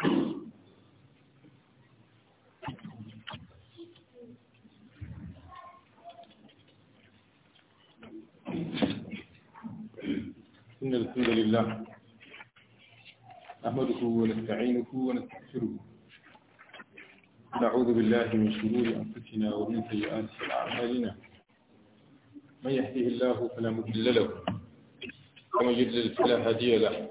إن الحمد لله نحمده ونستعينه ونستغفره نعوذ بالله من شرور أنفسنا ومن سيئات أعمالنا من يهده الله فلا مضل له ومن يضلل فلا هادي له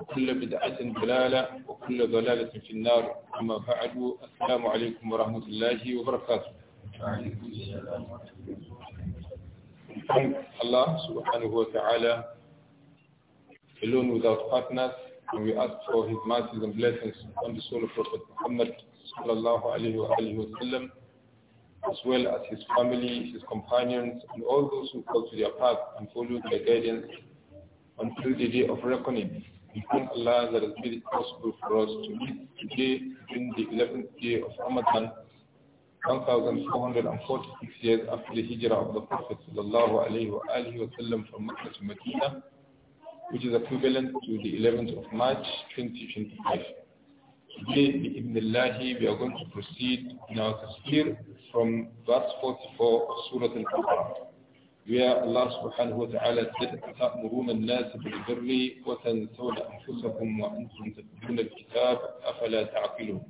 وكل بدعة ضلالة وكل ضلالة في النار أما بعد السلام عليكم ورحمة الله وبركاته Thank Allah سبحانه وتعالى alone without partners and we ask for his mercies and blessings on the soul of Prophet Muhammad sallallahu alayhi wa alayhi wa sallam as well as his family, his companions and all those who follow their path and follow their guidance until the day of reckoning. Thank Allah that has made it possible for us to meet today in the 11th day of Ramadan, 1,446 years after the hijrah of the Prophet sallallahu alayhi wa sallam from Mecca to Medina, which is equivalent to the 11th of March 2025. Today, bi'ibnillahi, we are going to proceed in our tafsir from verse 44 of Surah Al-Baqarah. يا الله سبحانه وتعالى تأمرون الناس بالبر وتنسون أنفسكم وأنتم تتلون الكتاب أفلا تعقلون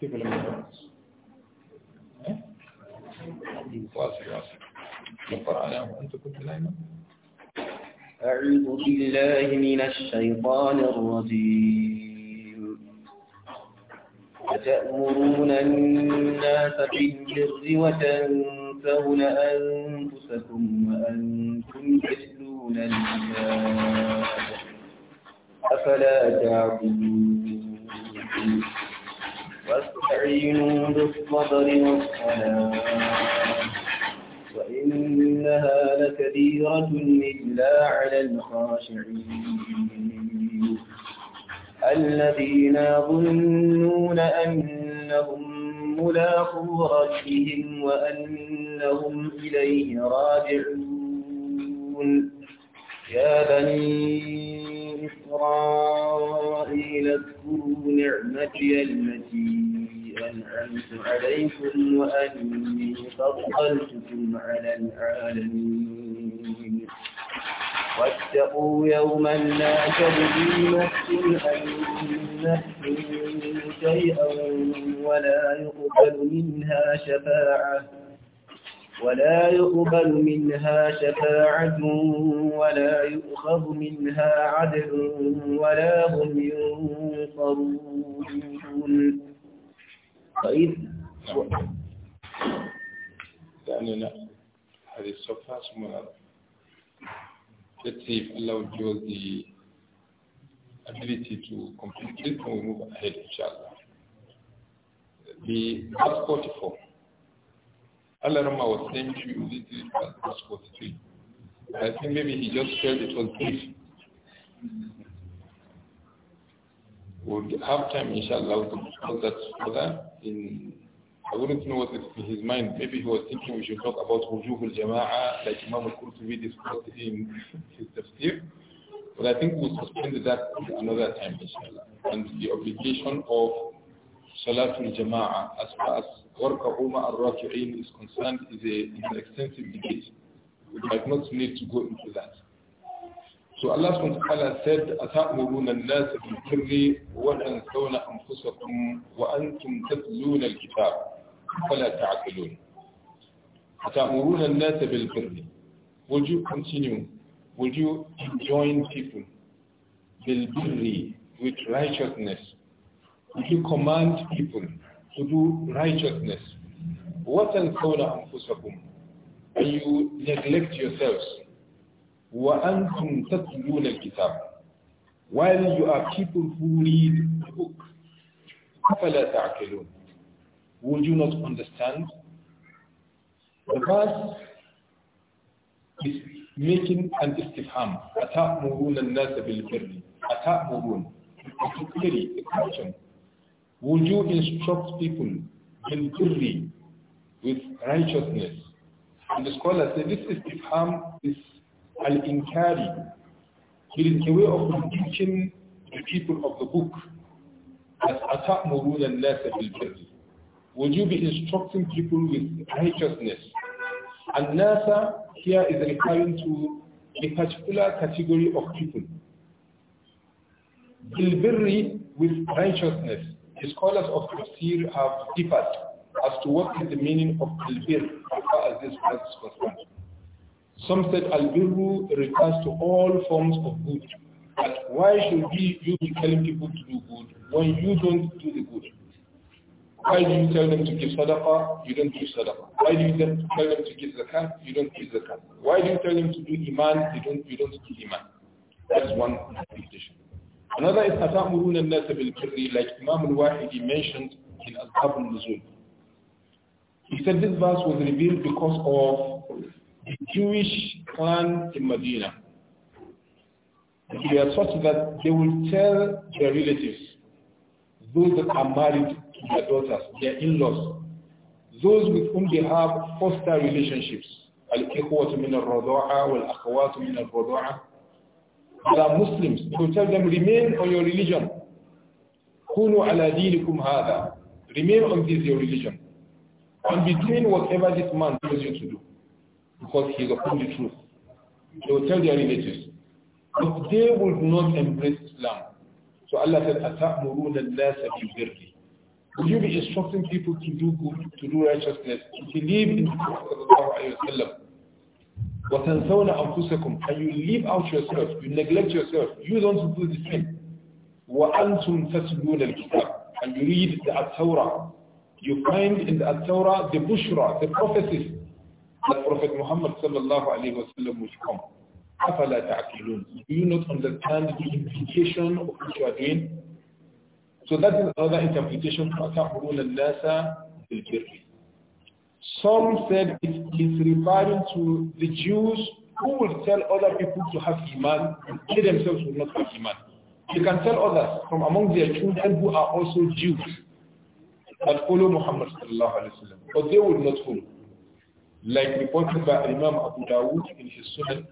كيف لم يقرأ؟ واصل واصل وأنت كنت نائما أعوذ بالله من الشيطان الرجيم أتأمرون الناس بالبر وتنسون أنفسكم وأنتم تتلون الكتاب أفلا تعقلون واستعينوا بالصبر والصلاة وإنها لكبيرة إلا على الخاشعين الذين يظنون أنهم ملاقو ربهم وأنهم إليه راجعون يا بني إسرائيل اذكروا نعمتي المتين عليكم وأني فضلتكم على العالمين واتقوا يوما لا تجزي نفس عن نفس شيئا ولا يقبل منها شفاعة ولا يقبل منها شفاعة ولا يؤخذ منها عدل ولا هم ينصرون ضعيف لأننا هذه الصفحة ثم let's see will give us the ability to complete this and we move ahead inshallah. The verse 44. Allah Rama was saying to you this is verse 43. I think maybe he just felt it was brief. We'll have time inshallah to discuss that further in I wouldn't know what is in his mind. Maybe he was thinking we should talk about wujuh al like Imam al-Qurtubi discussed in his tafsir. But I think we'll suspend that another time, inshallah. And the obligation of Salatul jama'a, as far as Warqa'uma al-Raki'in is concerned is a, an extensive debate. We might not need to go into that. So Allah subhanahu wa ta'ala said, أَتَأْمُرُونَ النَّاسَ بِالْبِرِّ وَتَنْسَوْنَ أَنفُسَكُمْ وَأَنْتُمْ تَتْلُونَ الْكِتَابَ فَلَا تَعْقِلُونَ أَتَأْمُرُونَ النَّاسَ بِالْبِرِّ Would you continue? Would you enjoin people بِالْبِرِّ with righteousness? Would you command people to do righteousness? وَتَنْسَوْنَ أَنفُسَكُمْ And you neglect yourselves. وَأَنْتُمْ تَتْلُونَ الْكِتَابَ While you are people who read the book, أَفَلَا تَعْقِلُونَ Would you not understand? The verse is making an istifham. أَتَأْمُرُونَ النَّاسَ بِالْبِرِّ أَتَأْمُرُونَ Particularly, the question, would you instruct people in بالبر with righteousness? And the scholar said this is ifham is al-inkari. It is a way of teaching the people of the book Would you be instructing people with righteousness? And nasa here is referring to a particular category of people. Bilbirri with righteousness. The scholars of Tafsir have differed as to what is the meaning of bilbir as far as this verse is concerned. Some said al-birru refers to all forms of good. But why should we, you be telling people to do good when you don't do the good? Why do you tell them to give sadaqah? You don't give sadaqah. Why do you tell them to give zakat? You don't give zakat. Why do you tell them to do iman? You don't, you don't do iman. That's one interpretation. Another is أَتَأْمُرُونَ النَّاسَ بِالْبِرِّ like Imam al-Wahidi mentioned in Ashab al-Nuzul. He said this verse was revealed because of a Jewish clan in Medina. They are such that they will tell their relatives, those that are married to their daughters, their in-laws, those with whom they have foster relationships, al-ikhwatu min al-radu'a wal they are Muslims. They will tell them, remain on your religion. Remain on this your religion. And between whatever this man tells you to do because he is upon the truth. They will tell their relatives. But they will not embrace Islam. So Allah said, أَتَأْمُرُونَ النَّاسَ بِالْبِرِّ Will you be instructing people to do good, to do righteousness, to believe in the Prophet وَتَنْسَوْنَ أَنفُسَكُمْ And you leave out yourself, you neglect yourself, you don't do the same. وَأَنْتُمْ تَتْلُونَ الْكِتَابِ And you read the at You find in the at the Bushra, the prophecies Prophet Muhammad sallallahu alayhi wa sallam will come. أَفَلَا تَعْقِلُونَ Do you not understand the implication of what you are doing? So that is another interpretation of النَّاسَ بِالْبِرِّ Some said it is referring to the Jews who will tell other people to have Iman and they themselves will not have Iman. They can tell others from among their children who are also Jews that follow Muhammad sallallahu alayhi wa sallam, but they will not follow. Like reported by Imam Abu Dawud in his Sunan,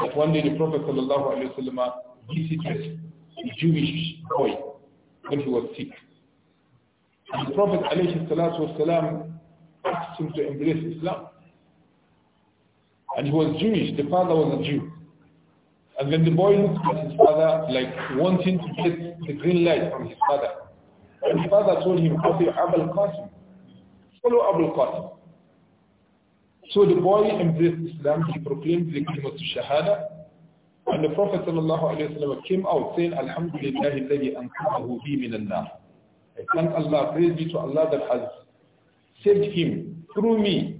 that one day the Prophet ﷺ visited a Jewish boy when he was sick. And the Prophet ﷺ asked him to embrace Islam. And he was Jewish, the father was a Jew. And then the boy looked at his father like wanting to get the green light from his father. And his father told him, Abu Abul Qasim, follow Abul Qasim. So the boy embraced Islam, he proclaimed the kalimat shahada, and the Prophet ﷺ came out saying, Alhamdulillah, الذي أنقذه بي من النار. I thank Allah, praise be to Allah that has saved him through me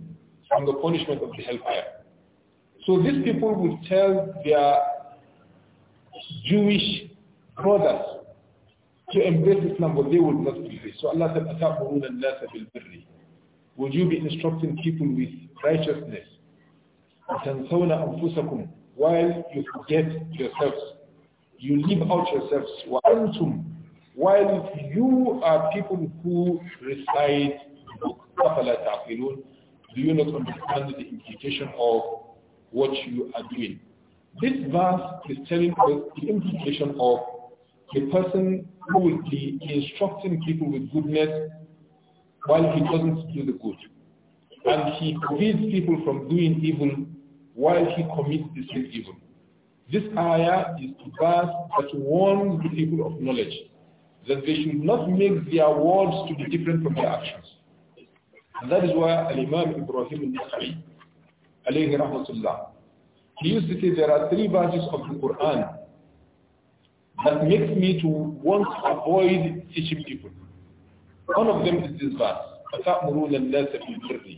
from the punishment of the hellfire. So these people would tell their Jewish brothers to embrace Islam, but they would not believe. So Allah said, أَتَعْمُرُونَ النَّاسَ بِالْبِرِّ would you be instructing people with righteousness? While you forget yourselves. You leave out yourselves. While you are people who recite the book. Do you not understand the implication of what you are doing? This verse is telling us the implication of the person who will be instructing people with goodness while he doesn't do the good. And he forbids people from doing evil while he commits the same evil. This ayah is to pass that warns the people of knowledge that they should not make their words to be different from their actions. And that is why Al-Imam Ibrahim al-Nakhai, alayhi rahmatullah, he used to say there are three verses of the Quran that makes me to want to avoid teaching people. One of them is this verse. أتأمرون الناس بالبر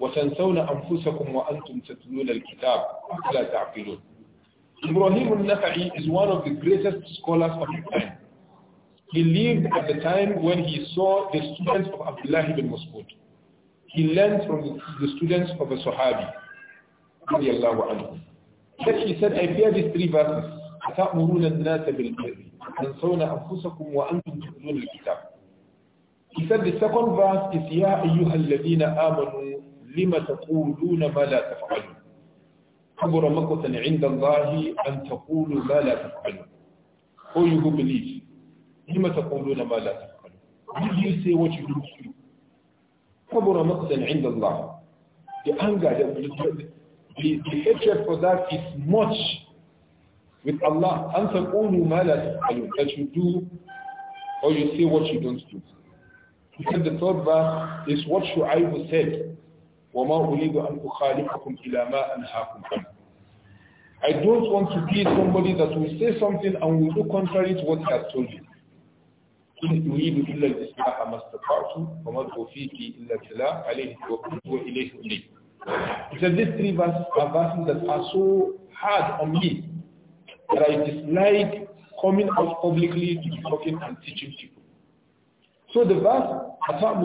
وتنسون أنفسكم وأنتم تتلون الكتاب أفلا تعقلون Ibrahim al-Nakhai is one of the greatest scholars of his time. He lived at the time when he saw the students of Abdullah ibn Mas'ud. He learned from the students of a Sahabi. Then he said, I fear these three verses. أتأمرون الناس بالبر وتنسون أنفسكم وأنتم تتلون الكتاب he said the second verse is Ya ayyuhal amanu lima taquluna ma la taf'alun. Kabura makutan inda Allahi an taqulu ma la taf'alun. O you who believe, lima taquluna ma la do you say what you do to you? Kabura makutan inda Allah. The anger, the, the, the hatred for that is much with Allah. أن تقولوا ما That you do or you say what you don't do. He said the third verse is what Shu'aib said, وَمَا أَنْ إِلَى مَا أَنْهَاكُمْ I don't want to be somebody that will say something and will do contrary to what he has told you. إن إلا الإصلاح ما استطعت وما إلا بالله عليه وإليه He said these three verses are verses that are so hard on me that I dislike coming out publicly to be talking and teaching people. So the verse,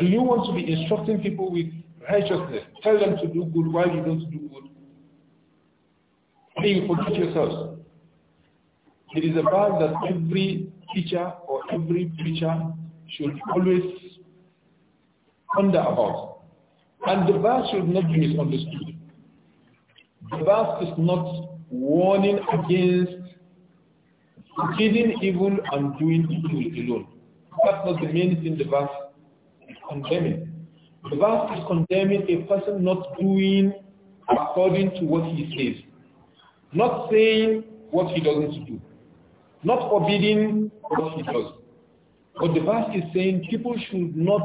Do you want to be instructing people with righteousness? Tell them to do good while you don't do good. Then you forget yourselves. It is a verse that every teacher or every preacher should always ponder about. And the verse should not be misunderstood. The verse is not warning against forbidding evil and doing evil alone. That's not the main thing the verse is condemning. The verse is condemning a person not doing according to what he says. Not saying what he doesn't do. Not forbidding what he does. But the verse is saying people should not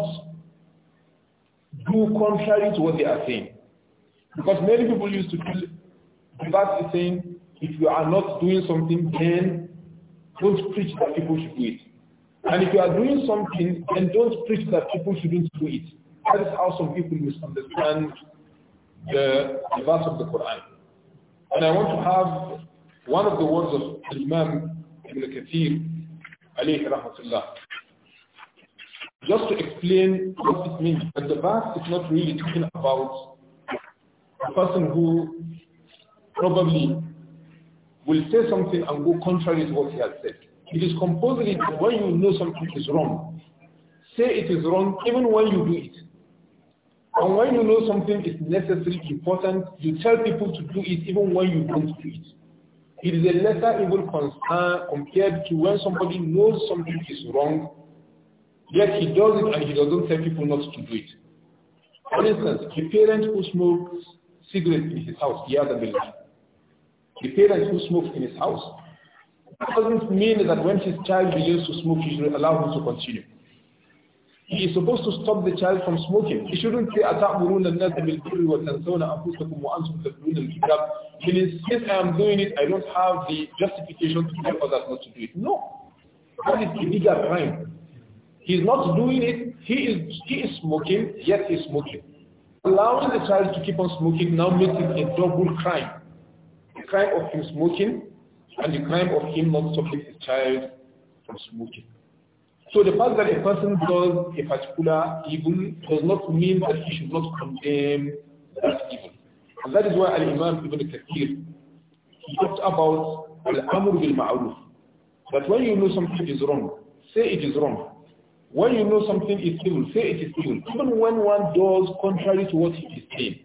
do contrary to what they are saying. Because many people used to do. the verse is saying if you are not doing something then don't preach that people should do it. And if you are doing something, then don't preach that people shouldn't do it. That is how some people misunderstand the, the verse of the Quran. And I want to have one of the words of Imam Ibn Kathir, alayhi rahmatullah, just to explain what it means. But the verse is not really talking about a person who probably will say something and go contrary to what he has said. It is compulsory that when you know something is wrong, say it is wrong even when you do it. And when you know something is necessary, important, you tell people to do it even when you don't do it. It is a lesser evil concern compared to when somebody knows something is wrong, yet he does it and he doesn't tell people not to do it. For instance, a parent who smokes cigarettes in his house, he has a village the parent who smoke in his house. That doesn't mean that when his child begins to smoke, he should allow him to continue. He is supposed to stop the child from smoking. He shouldn't say, أَتَعْمُرُونَ النَّاسَ the وَتَنْسَوْنَ أَنفُسَكُمْ وَأَنْتُمْ تَتْلُونَ الْكِتَابَ Meaning, since I am doing it, I don't have the justification to tell others not to do it. No. That is a bigger crime. He is not doing it. He is, he is smoking, yet he is smoking. Allowing the child to keep on smoking now makes it a double crime crime of him smoking and the crime of him not stopping his child from smoking. So the fact that a person does a particular evil does not mean that he should not condemn that evil. And that is why Al-Imam Ibn Kathir, he talked about Al-Amr bil-Ma'ruf. That when you know something is wrong, say it is wrong. When you know something is evil, say it is evil. Even when one does contrary to what he is saying.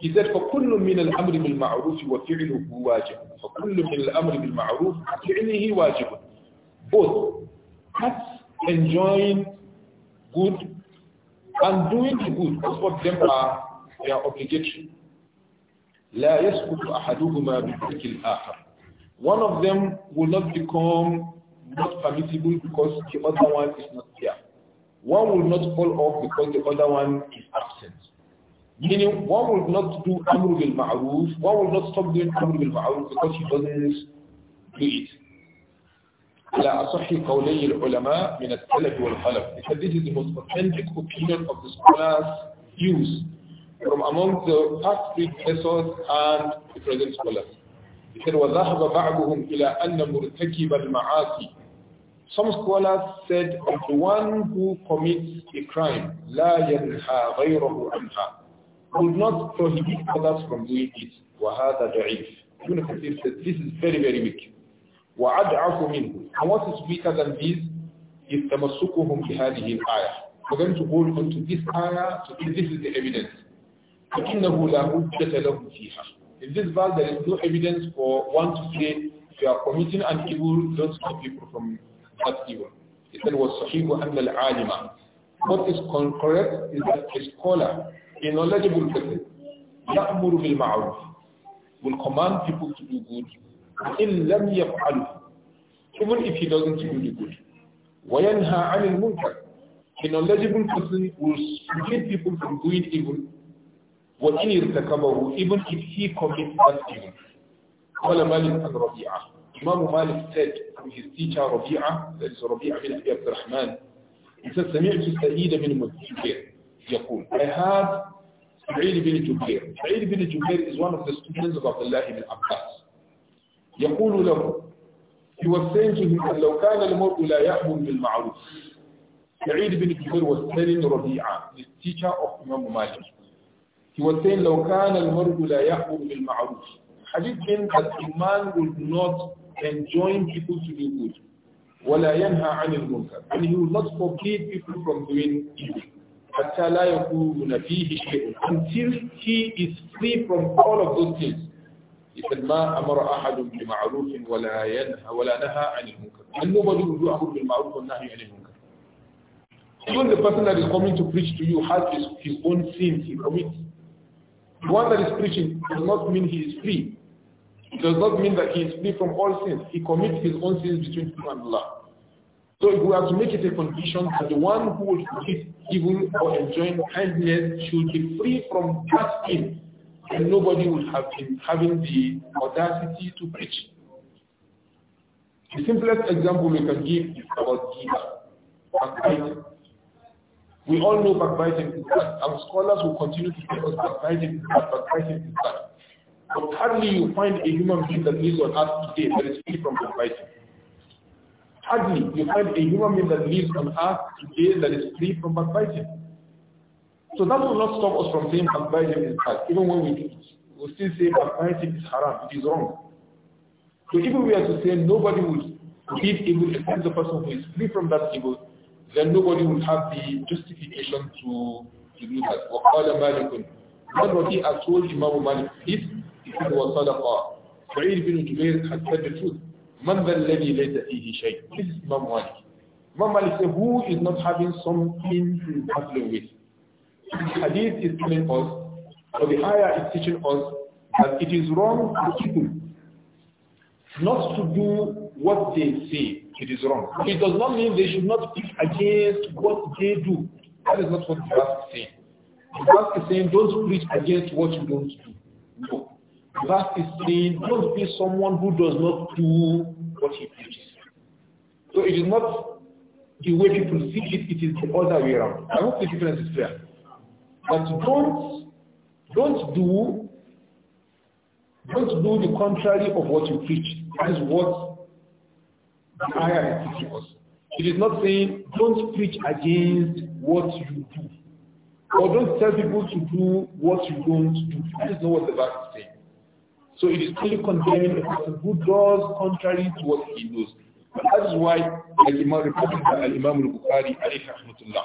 He said, فَكُلُّ مِنَ الْأَمْرِ بِالْمَعْرُوفِ وَفِعْلُهُ وَاجِبٌ فَكُلُّ مِنَ الْأَمْرِ بِالْمَعْرُوفِ وَفِعْلِهِ وَاجِبٌ Both, that's enjoying good and doing the good, both of them are, they are obligatory. لا يسقط أحدهما بترك الآخر. One of them will not become not permissible because the other one is not there. One will not fall off because the other one is absent. Meaning, one will not do amr bil ma'ruf, one will not stop doing amr bil ma'ruf because he doesn't do it. على أصح قولي العلماء من السلف والخلف. Because this is the most authentic opinion of the scholars used from among the past predecessors and the present scholars. He said, وَذَهَبَ بَعْضُهُمْ إِلَىٰ أَنَّ مُرْتَكِبَ الْمَعَاصِي Some scholars said, the one who commits a crime, لَا يَنْهَى غَيْرَهُ عَنْهَا would not prohibit others from doing it. وَهَذَا ضَعِيفٌ Ibn Kathir said, this is very, very weak. وَأَدْعَفُ مِنْهُ And what is weaker than this is تَمَسُّكُهُمْ بِهَذِهِ الْآيَةِ We're going to hold on to this ayah, to this, this is the evidence. فَإِنَّهُ لَا مُجَّةَ لَهُمْ فِيهَا In this verse, there is no evidence for one to say, if you are committing an evil, don't stop people from that evil. It said, وَالصَّحِيبُ أَنَّ الْعَالِمَ What is correct is that a scholar إن الله يجب الكذب يأمر بالمعروف والكمان في بوت الوجود إن لم يفعل كيف في دوزن في الوجود وينهى عن المنكر إنه لا يجب الكذب والسجد في بوت الوجود إبن وإن ارتكبه إبن إب في كوميت أسجن قال مالك عن ربيعة إمام مالك سيد في السيطة ربيعة سيد ربيعة بن أبي عبد الرحمن إذا سمعت سعيد من مسجد يقول I heard Sa'id bin Jubair Sa'id bin Jubair is one of the students of Abdullah ibn Abbas يقول له he was saying to him لو كان المرء لا يأمر بالمعروف Sa'id bin Jubair was telling Rabi'a the teacher of Imam Malik he was saying لو كان المرء لا يأمر بالمعروف it been that a man would not enjoin people to do good ولا ينهى عن المنكر and he would not forbid people from doing evil hatta la yakuna fihi shay'un until he is free from all of those things he said ma amara ahadun bi ma'ruf wa la yanha wa la naha 'anil munkar and nobody will do bil ma'ruf wa munkar even the person that is coming to preach to you has his, his own sins he commits the one that is preaching does not mean he is free it does not mean that he is free from all sins he commits his own sins between him and Allah so if we have to make it a condition that the one who will commit evil or enjoying kindness should be free from that and nobody would have been having the audacity to preach. The simplest example we can give is about Giba, backbiting. We all know backbiting is bad, and scholars will continue to tell us backbiting is bad, backbiting is bad. But hardly you find a human being that lives on earth today that is free from backbiting. Hardly you find a human being that lives on earth today that is free from backbiting. So that will not stop us from saying backbiting is bad, even when we do it. We'll still say backbiting is haram, it is wrong. So even we are to say nobody would eat evil except the person who is free from that evil, then nobody will have the justification to, to do that. وَقَالَ مَالِكٌ That what he has told Imam Malik is, he said, وَصَدَقَى Sa'id bin Jubair had said the truth. Man الذي ليس فيه شيء who is not having something to battle with? hadith is telling us, or the ayah is teaching us, that it is wrong for people not to do what they say. It is wrong. It does not mean they should not speak against what they do. That is not what the verse is saying. The verse is saying, don't preach against what you don't do. No verse is saying, don't be someone who does not do what he preaches. So it is not the way people see it, it is the other way around. I hope the difference is clear. But don't, don't do, don't do the contrary of what you preach. That is what the ayah is teaching us. It is not saying, don't preach against what you do. Or don't tell people to do what you don't do. That is not what the verse is saying. So it is only condemning a person who does contrary to what he knows. But that is why, like Imam reported by Imam al-Bukhari, alayhi rahmatullah,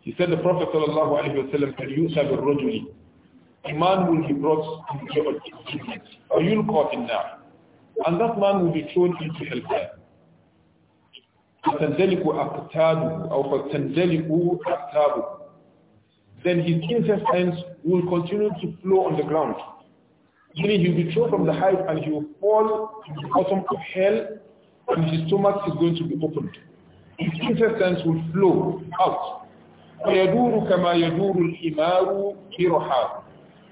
he said the Prophet sallallahu alayhi wa sallam said, Yusab al-Rajuli, a man will be brought into your judgment, or you'll caught in now, and that man will be thrown into hellfire. فتندلق أقتابه أو فتندلق أقتابه then his intestines will continue to flow on the ground Meaning he will be thrown from the height and he will fall to the bottom of hell and his stomach is going to be opened. His intestines will flow out.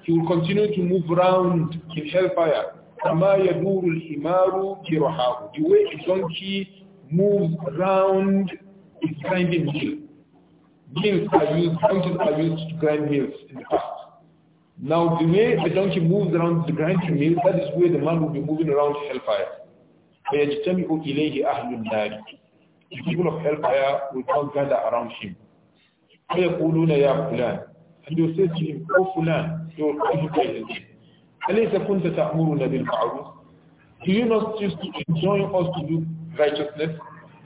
He will continue to move around in hellfire. كَمَا يَدُورُ الْحِمَارُ كِرَحَارُ The way a donkey moves round its grinding mill. Mills are used, donkeys are used to grind mills in the past. Now, the way the donkey moves around the grinding mill, that is where the man will be moving around hellfire. The people of hellfire will come gather around him. And you will say to him, O Fulan, you will call him his name. Do you not choose to enjoin us to do righteousness?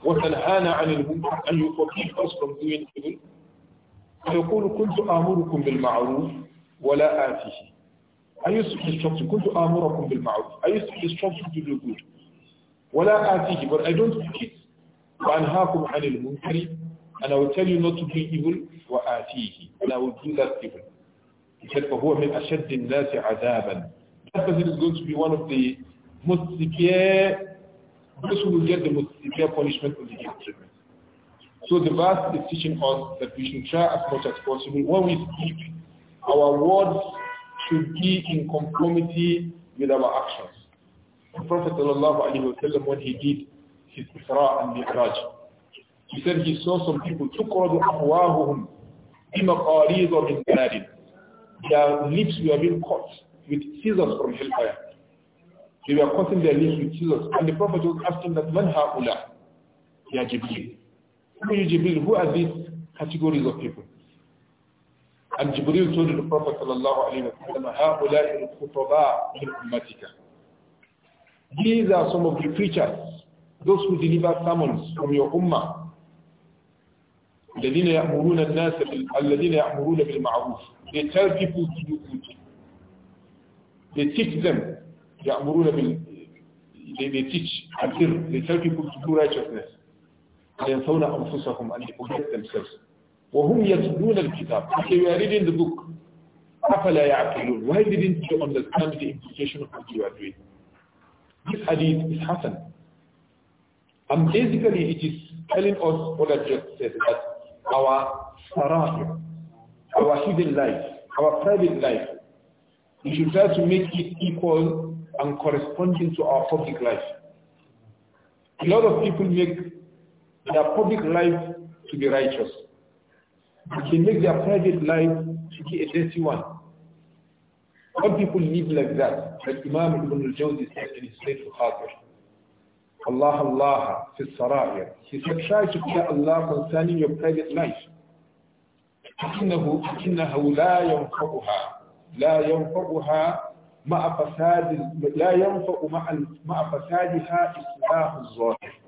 وَتَنْهَانَ عَنِ And you forbid us from doing evil? وَلَا آتِهِ I used to instruct you, كُنْتُ آمُرَكُمْ بِالْمَعْرُفِ I used to instruct you to do good. وَلَا آتيه. But I don't do it. وَأَنْهَاكُمْ عَنِ الْمُنْكَرِ And I will tell you not to do evil. وآتيه. And I will do that evil. He said, فَهُوَ مِنْ أَشَدِّ النَّاسِ عَذَابًا That person is going to be one of the most severe, those who will get the most severe punishment of the day So the verse is teaching us that we should try as much as possible when we speak our words should be in conformity with our actions. The Prophet ﷺ, when he did his Isra and Mi'raj, he said he saw some people, تُقْرَضُ أَفْوَاهُهُمْ بِمَقَارِيضَ مِنْ بَلَدٍ Their lips were being cut with scissors from hellfire. They were cutting their lips with scissors. And the Prophet was asking that, مَنْ هَؤُلَاء Ya Jibreel. Who are you Who are these categories of people? And Jibril told the Prophet الله عليه وسلم هَؤُلَاءِ الْخُطَبَاءُ مِنْ أُمَّتِكَ These are some of the preachers, those who deliver sermons from your ummah. الذين يأمرون الناس الذين يأمرون بالمعروف. They tell people to do good. They teach them. يأمرون بال they, they teach until they tell people to do righteousness. They أنفسهم and they forget themselves. وهم يتلون الكتاب okay you are reading the book أفلا يعقلون why didn't you understand the implication of what you are doing this hadith is Hassan and basically it is telling us what I just said that our sarah our hidden life our private life we should try to make it equal and corresponding to our public life a lot of people make their public life to be righteous they make their private life to be a dirty one. Some people live like that. But Imam Ibn al-Jawzi said in his Faithful Khatir, Allah Allah fi saraya. He said, try to fear Allah concerning your private life. إنه إنه لا ينفعها لا ينفعها مع فساد لا ينفع مع مع فسادها إصلاح الظاهر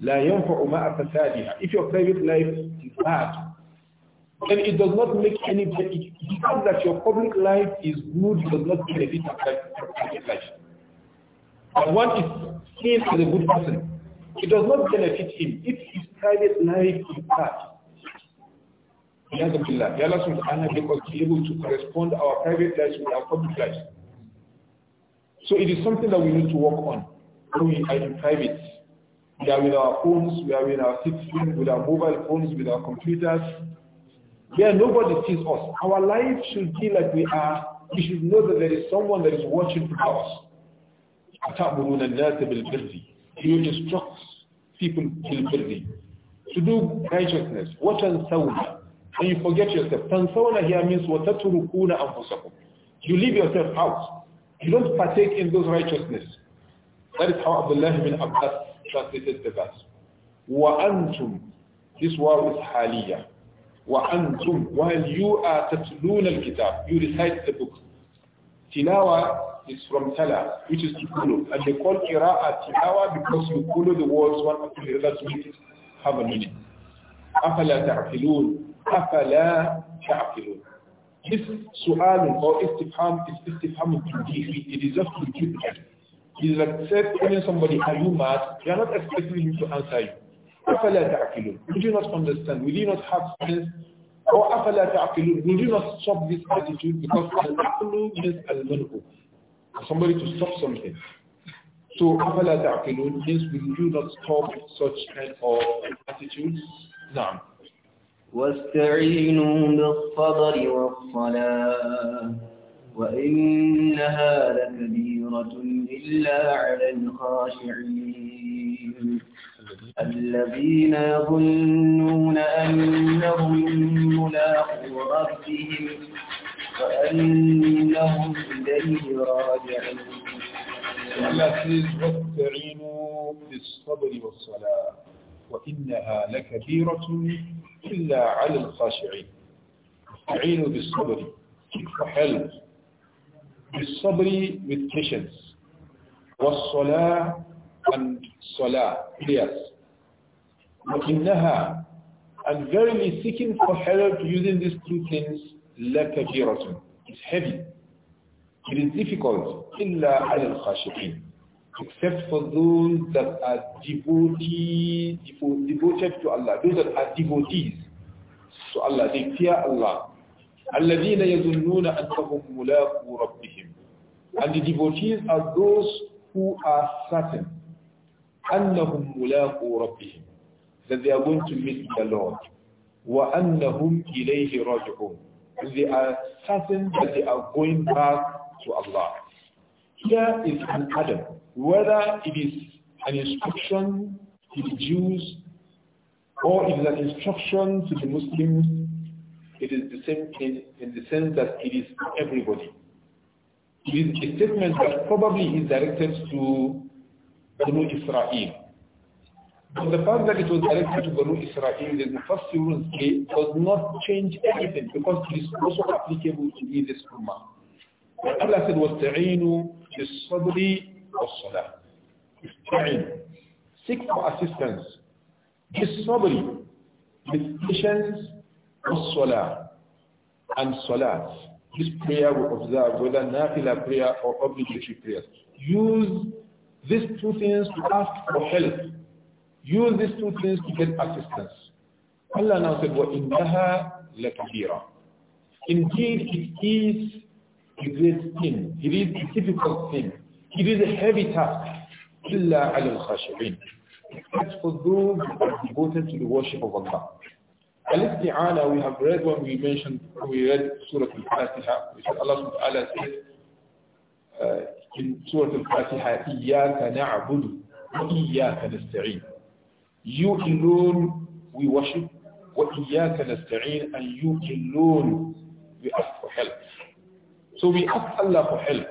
لا ينفع مع فسادها if your private life is bad then it does not make any benefit. The fact that your public life is good does not benefit your private life. And one is seen as a good person. It does not benefit him if his private life is bad. Alhamdulillah, Allah subhanahu because be able to correspond our private lives with our public lives. So it is something that we need to work on when we are in private. We are with our phones, we are with our citizens, with our mobile phones, with our computers, yeah, nobody sees us. Our life should be like we are. We should know that there is someone that is watching for us. You instruct people to do righteousness. What and sawna? And you forget yourself. Tansawna here means wataturukuna anfusakum. You leave yourself out. You don't partake in those righteousness. That is how Abdullah been Abbas translated the verse. Wa antum. This word is haliyah. وأنتم while you are تتلون الكتاب you recite the book tilawa is from tala which is to follow and they call قِرَاءَةَ tilawa because you follow the words one after the other to make it have a meaning أفلا تعقلون أفلا تعقلون This سُؤَالٌ or istifham is istifham tunjihi. It is just to keep it. It is like said, telling somebody, are you mad? You are not expecting him to answer you. أفلا تعقلون? Would you not understand? we you not have sense? Or أفلا تعقلون? we you not stop this attitude? Because al means al Somebody to stop something. So أفلا تعقلون means we you not stop such kind of attitudes? نعم. واستعينوا بالصبر والصلاة وإنها لكبيرة إلا على الخاشعين الذين يظنون أنهم ملاقوا ربهم وأنهم إليه راجعون ولكن واستعينوا بالصبر والصلاة وإنها لكبيرة إلا على الخاشعين استعينوا بالصبر وحل بالصبر with patience والصلاة and صلاة yes. And verily seeking for help using these two things لَكَبِيرَةٌ It's heavy. It is difficult. إِلَّا عَلَى الْخَاشِقِينَ Except for those that are devotees, devoted to Allah. Those that are devotees to Allah. They fear Allah. الَّذِينَ يَظُنُّونَ أَنَّهُمْ مُلَاقُوا رَبِّهِمْ And the devotees are those who are certain. أَنَّهُمْ مُلَاقُوا رَبِّهِمْ that they are going to meet the Lord. وَأَنَّهُمْ إِلَيْهِ رَجْعُونَ they are certain that they are going back to Allah. Here is an Adam. Whether it is an instruction to the Jews or it is an instruction to the Muslims, it is the same thing in the sense that it is everybody. It is a statement that probably is directed to Banu Israel, the fact that it was directed to Banu Israel, the first say, does not change anything because it is also applicable to me this Ummah. When Allah said, وَاسْتَعِينُوا بِالصَّبْرِ or Ista'in. Seek for assistance. بِالصَّبْرِ With patience والصلاة and salat. This prayer we observe, whether nafila prayer or obligatory prayers. Use these two things to ask for help Use these two things to get assistance. Allah now said, وَإِنَّهَا لَكَبِيرًا Indeed, it is a great thing. It is a difficult thing. It is a heavy task. إِلَّا عَلَى الْخَاشِعِينَ Except for those who are devoted to the worship of Allah. Al-Isti'ana, we have read when we mentioned, we read Surah Al-Fatiha, which Allah subhanahu wa ta'ala said, uh, in Surah Al-Fatiha, إِيَّاكَ نَعْبُدُ وَإِيَّاكَ نَسْتَعِينَ you alone we worship. وَإِيَّاكَ نَسْتَعِينَ And you alone we ask for help. So we ask Allah for help.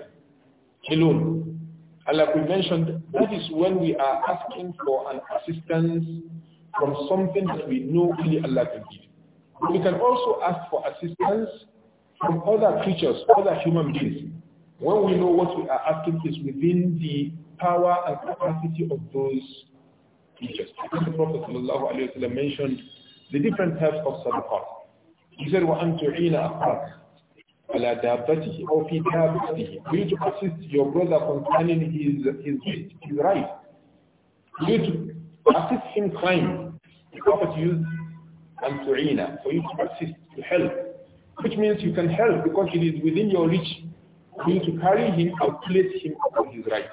Alone. And like we mentioned, that is when we are asking for an assistance from something that we know only Allah can give. we can also ask for assistance from other creatures, other human beings, when we know what we are asking is within the power and capacity of those the Prophet ﷺ mentioned the different types of sadaqah. He said, وَأَن تُعِينَ أَخَاكَ عَلَى دَابَتِهِ أَوْ فِي دَابَتِهِ For you to assist your brother concerning his, his, his right. For you to assist him climb. The Prophet used أَن تُعِينَ For you to assist, to help. Which means you can help because it is within your reach for you to carry him or place him on his right.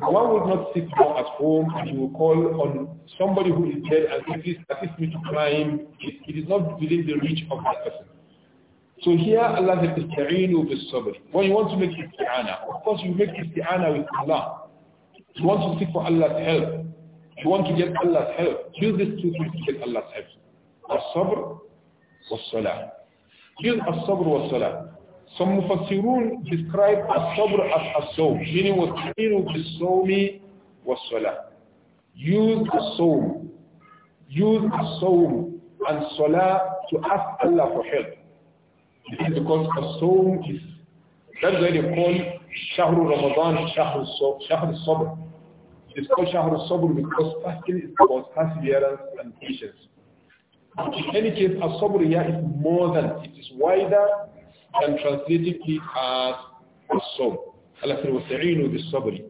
One will not sit down at home and you will call on somebody who is dead and say, please assist me to climb. It, it is not within the reach of that person. So here Allah says, Ista'inu bis-sabr. When you want to make isti'ana, of course you make isti'ana with Allah. You want to seek for Allah's help. You want to get Allah's help. Use these two things to get Allah's help. As-sabr was-salah. Use as-sabr was-salah. Some Mufassirun describe as-sabr as as-sawm, meaning وَتَعِينُ بِالصَّوْمِ salah. Use as-sawm, use as-sawm and salah to ask Allah for help. This is because as-sawm is, that's why they call شهر رمضان شهر شهر الصبر. It's called شهر الصبر because fasting is about perseverance and patience. In any case, as-sabr here is more than, it is wider than translating it as as-sawm. Allah said, وَسَعِينُوا بِالصَّبْرِ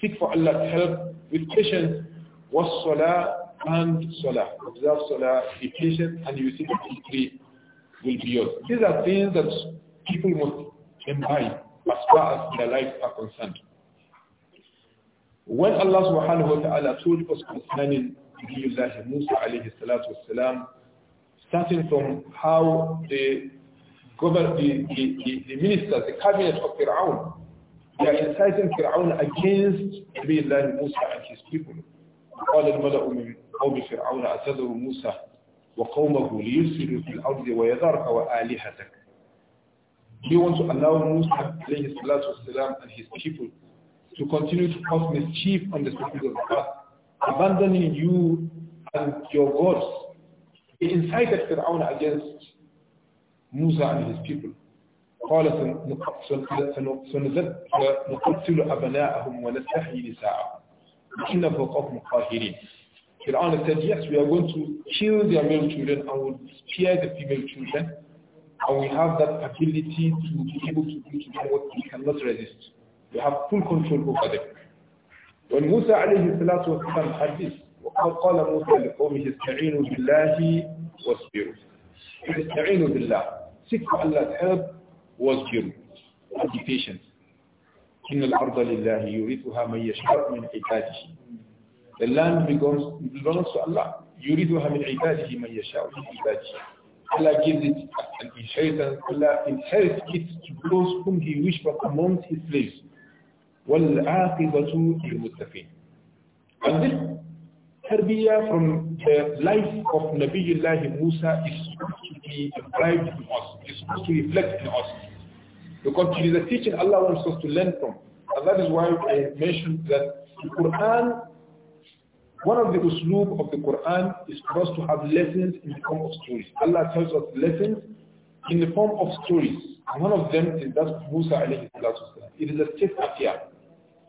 Seek for Allah's help with patience, was-salah and salah. Observe salah, be patient, and you see the victory will be yours. These are things that people must imbibe as far as their lives are concerned. When Allah subhanahu wa ta'ala told us concerning Nabiullah Musa alayhi salatu wasalam, starting from how they govern the, the, the, ministers, the cabinet of Fir'aun. They are inciting Fir'aun against Nabiullah Musa and his people. قال الملأ من قوم فرعون أتذر موسى وقومه ليفسدوا في الأرض ويذرك وآلهتك. He wants to allow Musa alayhi salatu wasalam and his people to continue to cause mischief on the people of God, abandoning you and your gods. He incited Fir'aun against Musa and his people. قال سنقتل أبناءهم نساءهم إن فوقهم Fir'aun said, yes, we are going to kill their male children and will spare the female children and we have that ability to be able to do to them what we cannot resist. We have full control over them. When Musa alayhi salatu was had this, وقال موسى لقومه استعينوا بالله واصبروا Ista'inu billah. Seek for Allah's help, was given. And patient. إن الأرض لله يورثها من يشاء من عباده. The land belongs, belongs to Allah. يورثها من عباده من يشاء من عباده. Allah gives it an inheritance. Allah inherits it to those whom He wishes amongst His slaves. والعاقبة للمتقين. And this tarbiyah from the life of Nabiullah Musa is supposed to be applied in us, is supposed to reflect in us. Because it is a teaching Allah wants us to learn from. And that is why I mentioned that the Quran, one of the usloob of the Quran is for us to have lessons in the form of stories. Allah tells us lessons in the form of stories. And one of them is that Musa alayhi It is a state affair.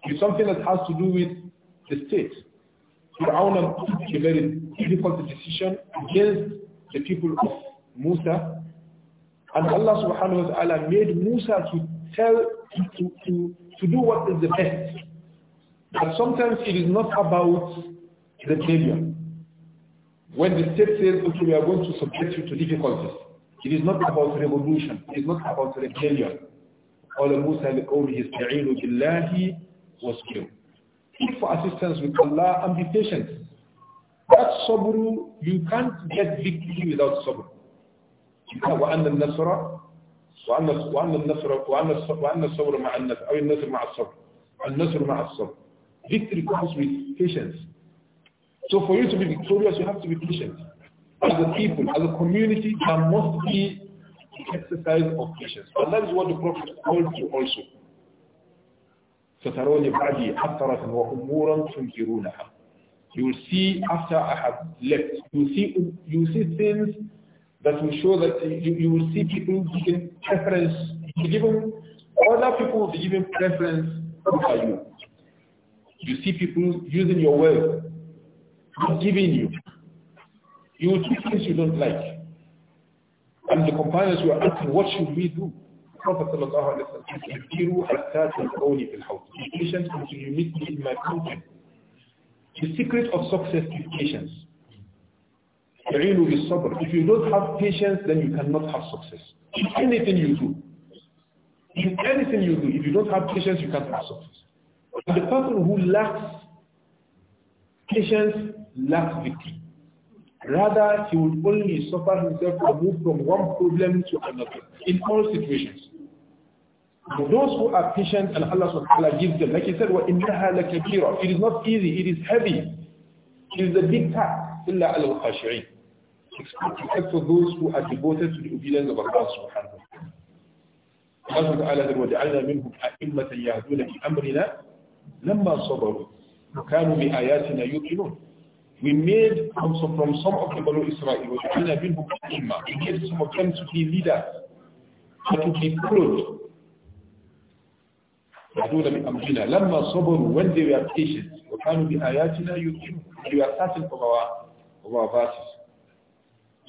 It's something that has to do with the state. Fir'aun took a very difficult decision against the people of Musa. And Allah subhanahu wa ta'ala made Musa to tell, to, to, to do what is the best. But sometimes it is not about the failure. When the state says, okay, we are going to subject you to difficulties, it is not about revolution. It is not about rebellion. قال موسى لقومه استعينوا was واصبروا seek for assistance with Allah and be patient. That sabr, you can't get victory without sabr. وأن النصر وأن وأن النصر وأن وأن الصبر مع النصر أو النصر مع الصبر النصر مع الصبر victory comes with patience so for you to be victorious you have to be patient as a people as a community there must be exercise of patience and that is what the prophet called you also بعدي أثرة وأمورا تنكرونها You will see after I have left, you will see, you will see things that will show that you, you will see people giving preference, given, other people will be preference over you. You see people using your wealth, not giving you. You will see things you don't like. And the companions were asking, what should we do? Prophet sallallahu alayhi wa sallam Be patient until you meet me in my The secret of success is patience. If you don't have patience, then you cannot have success. In anything you do, in anything you do, if you don't have patience, you can't have success. And the person who lacks patience lacks victory. Rather, he will only suffer himself to move from one problem to another in all situations. For those who are patient and Allah subhanahu wa ta'ala gives them, like he said, وَإِنَّهَا لَكَبِيرًا It is not easy, it is heavy. It is a big task. إِلَّا عَلَى الْخَاشِعِينَ Except for those who are devoted to the obedience of Allah subhanahu wa ta'ala. Allah subhanahu wa ta'ala said, وَجَعَلْنَا مِنْهُمْ أَئِمَّةً يَهْدُونَ بِأَمْرِنَا لَمَّا صَبَرُوا وَكَانُوا بِآيَاتِنَا يُؤْمِنُونَ We made from some, from some of the Banu Israel, وَجَعَلْنَا مِنْهُمْ أَئِمَّةً We made some of them to be leaders, to be followed, من لما صبروا when they were patient وكانوا بآياتنا يؤمنون they were certain of our, of our verses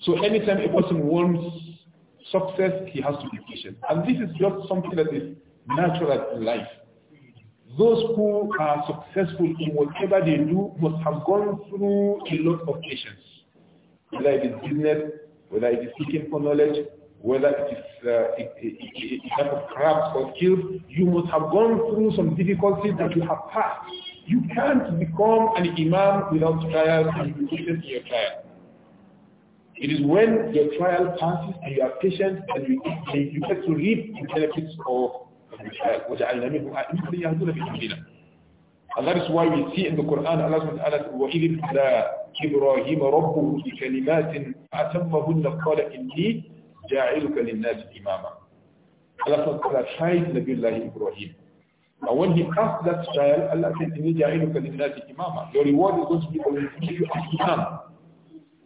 so anytime a person wants success he has to be patient and this is just something that is natural in life those who are successful in whatever they do must have gone through a lot of patience whether it is business whether it is seeking for knowledge whether it is uh, a, a, type of craft or skill, you must have gone through some difficulties that you have passed. You can't become an imam without trial and patience in your trial. It is when your trial passes and you are patient and you, you get to reap the benefits of the trial. And that is why we see in the Quran Allah subhanahu wa ta'ala وَإِذِ ابْتَلَى إِبْرَاهِيمَ رَبُّهُ بِكَلِمَاتٍ أَتَمَّهُنَّ قَالَ إِنِّي جَاعِلُكَ لِلنَّاسِ إِمَامًا Allah Ta'ala tried Nabiullah Ibrahim. And when he asked that trial, Allah said, إِنِّي جَاعِلُكَ لِلنَّاسِ al-imāma. Your reward is going to be on you as Imam.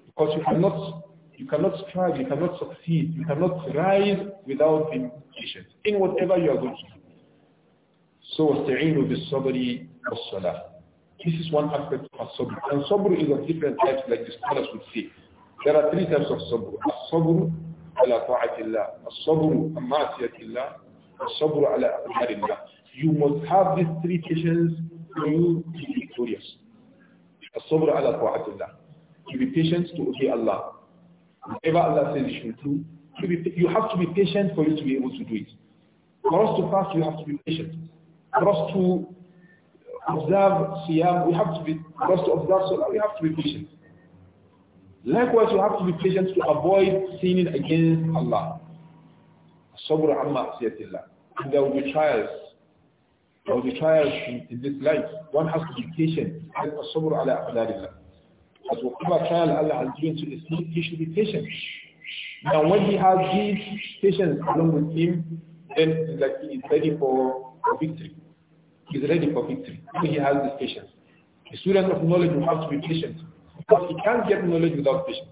Because you cannot, you cannot strive, you cannot succeed, you cannot rise without being patient in whatever you are going to do. So, وَاسْتَعِينُوا بِالصَّبْرِ salah This is one aspect of sabr. And sabr is of different types like the scholars would say. There are three types of sabr. sabr على طاعة الله الصبر عن معصية الله الصبر على أقدار الله You must have these three patience for you to be victorious. الصبر على طاعة الله To be patient to obey Allah. Whatever Allah says you should do, you have to be patient for you to be able to do it. For us to fast, you have to be patient. For us to observe Siyam, we have to be, for us to observe Salah, we have to be patient. Likewise, you have to be patient to avoid sinning against Allah. Sabr amma And there will be trials. There will be trials in this life. One has to be patient. As whatever trial Allah has given to Islam, he should be patient. Now when he has these patients along with him, then like he is ready for, for victory. He is ready for victory. When he has this patience. The student of knowledge will have to be patient. Because you can't get knowledge without patience.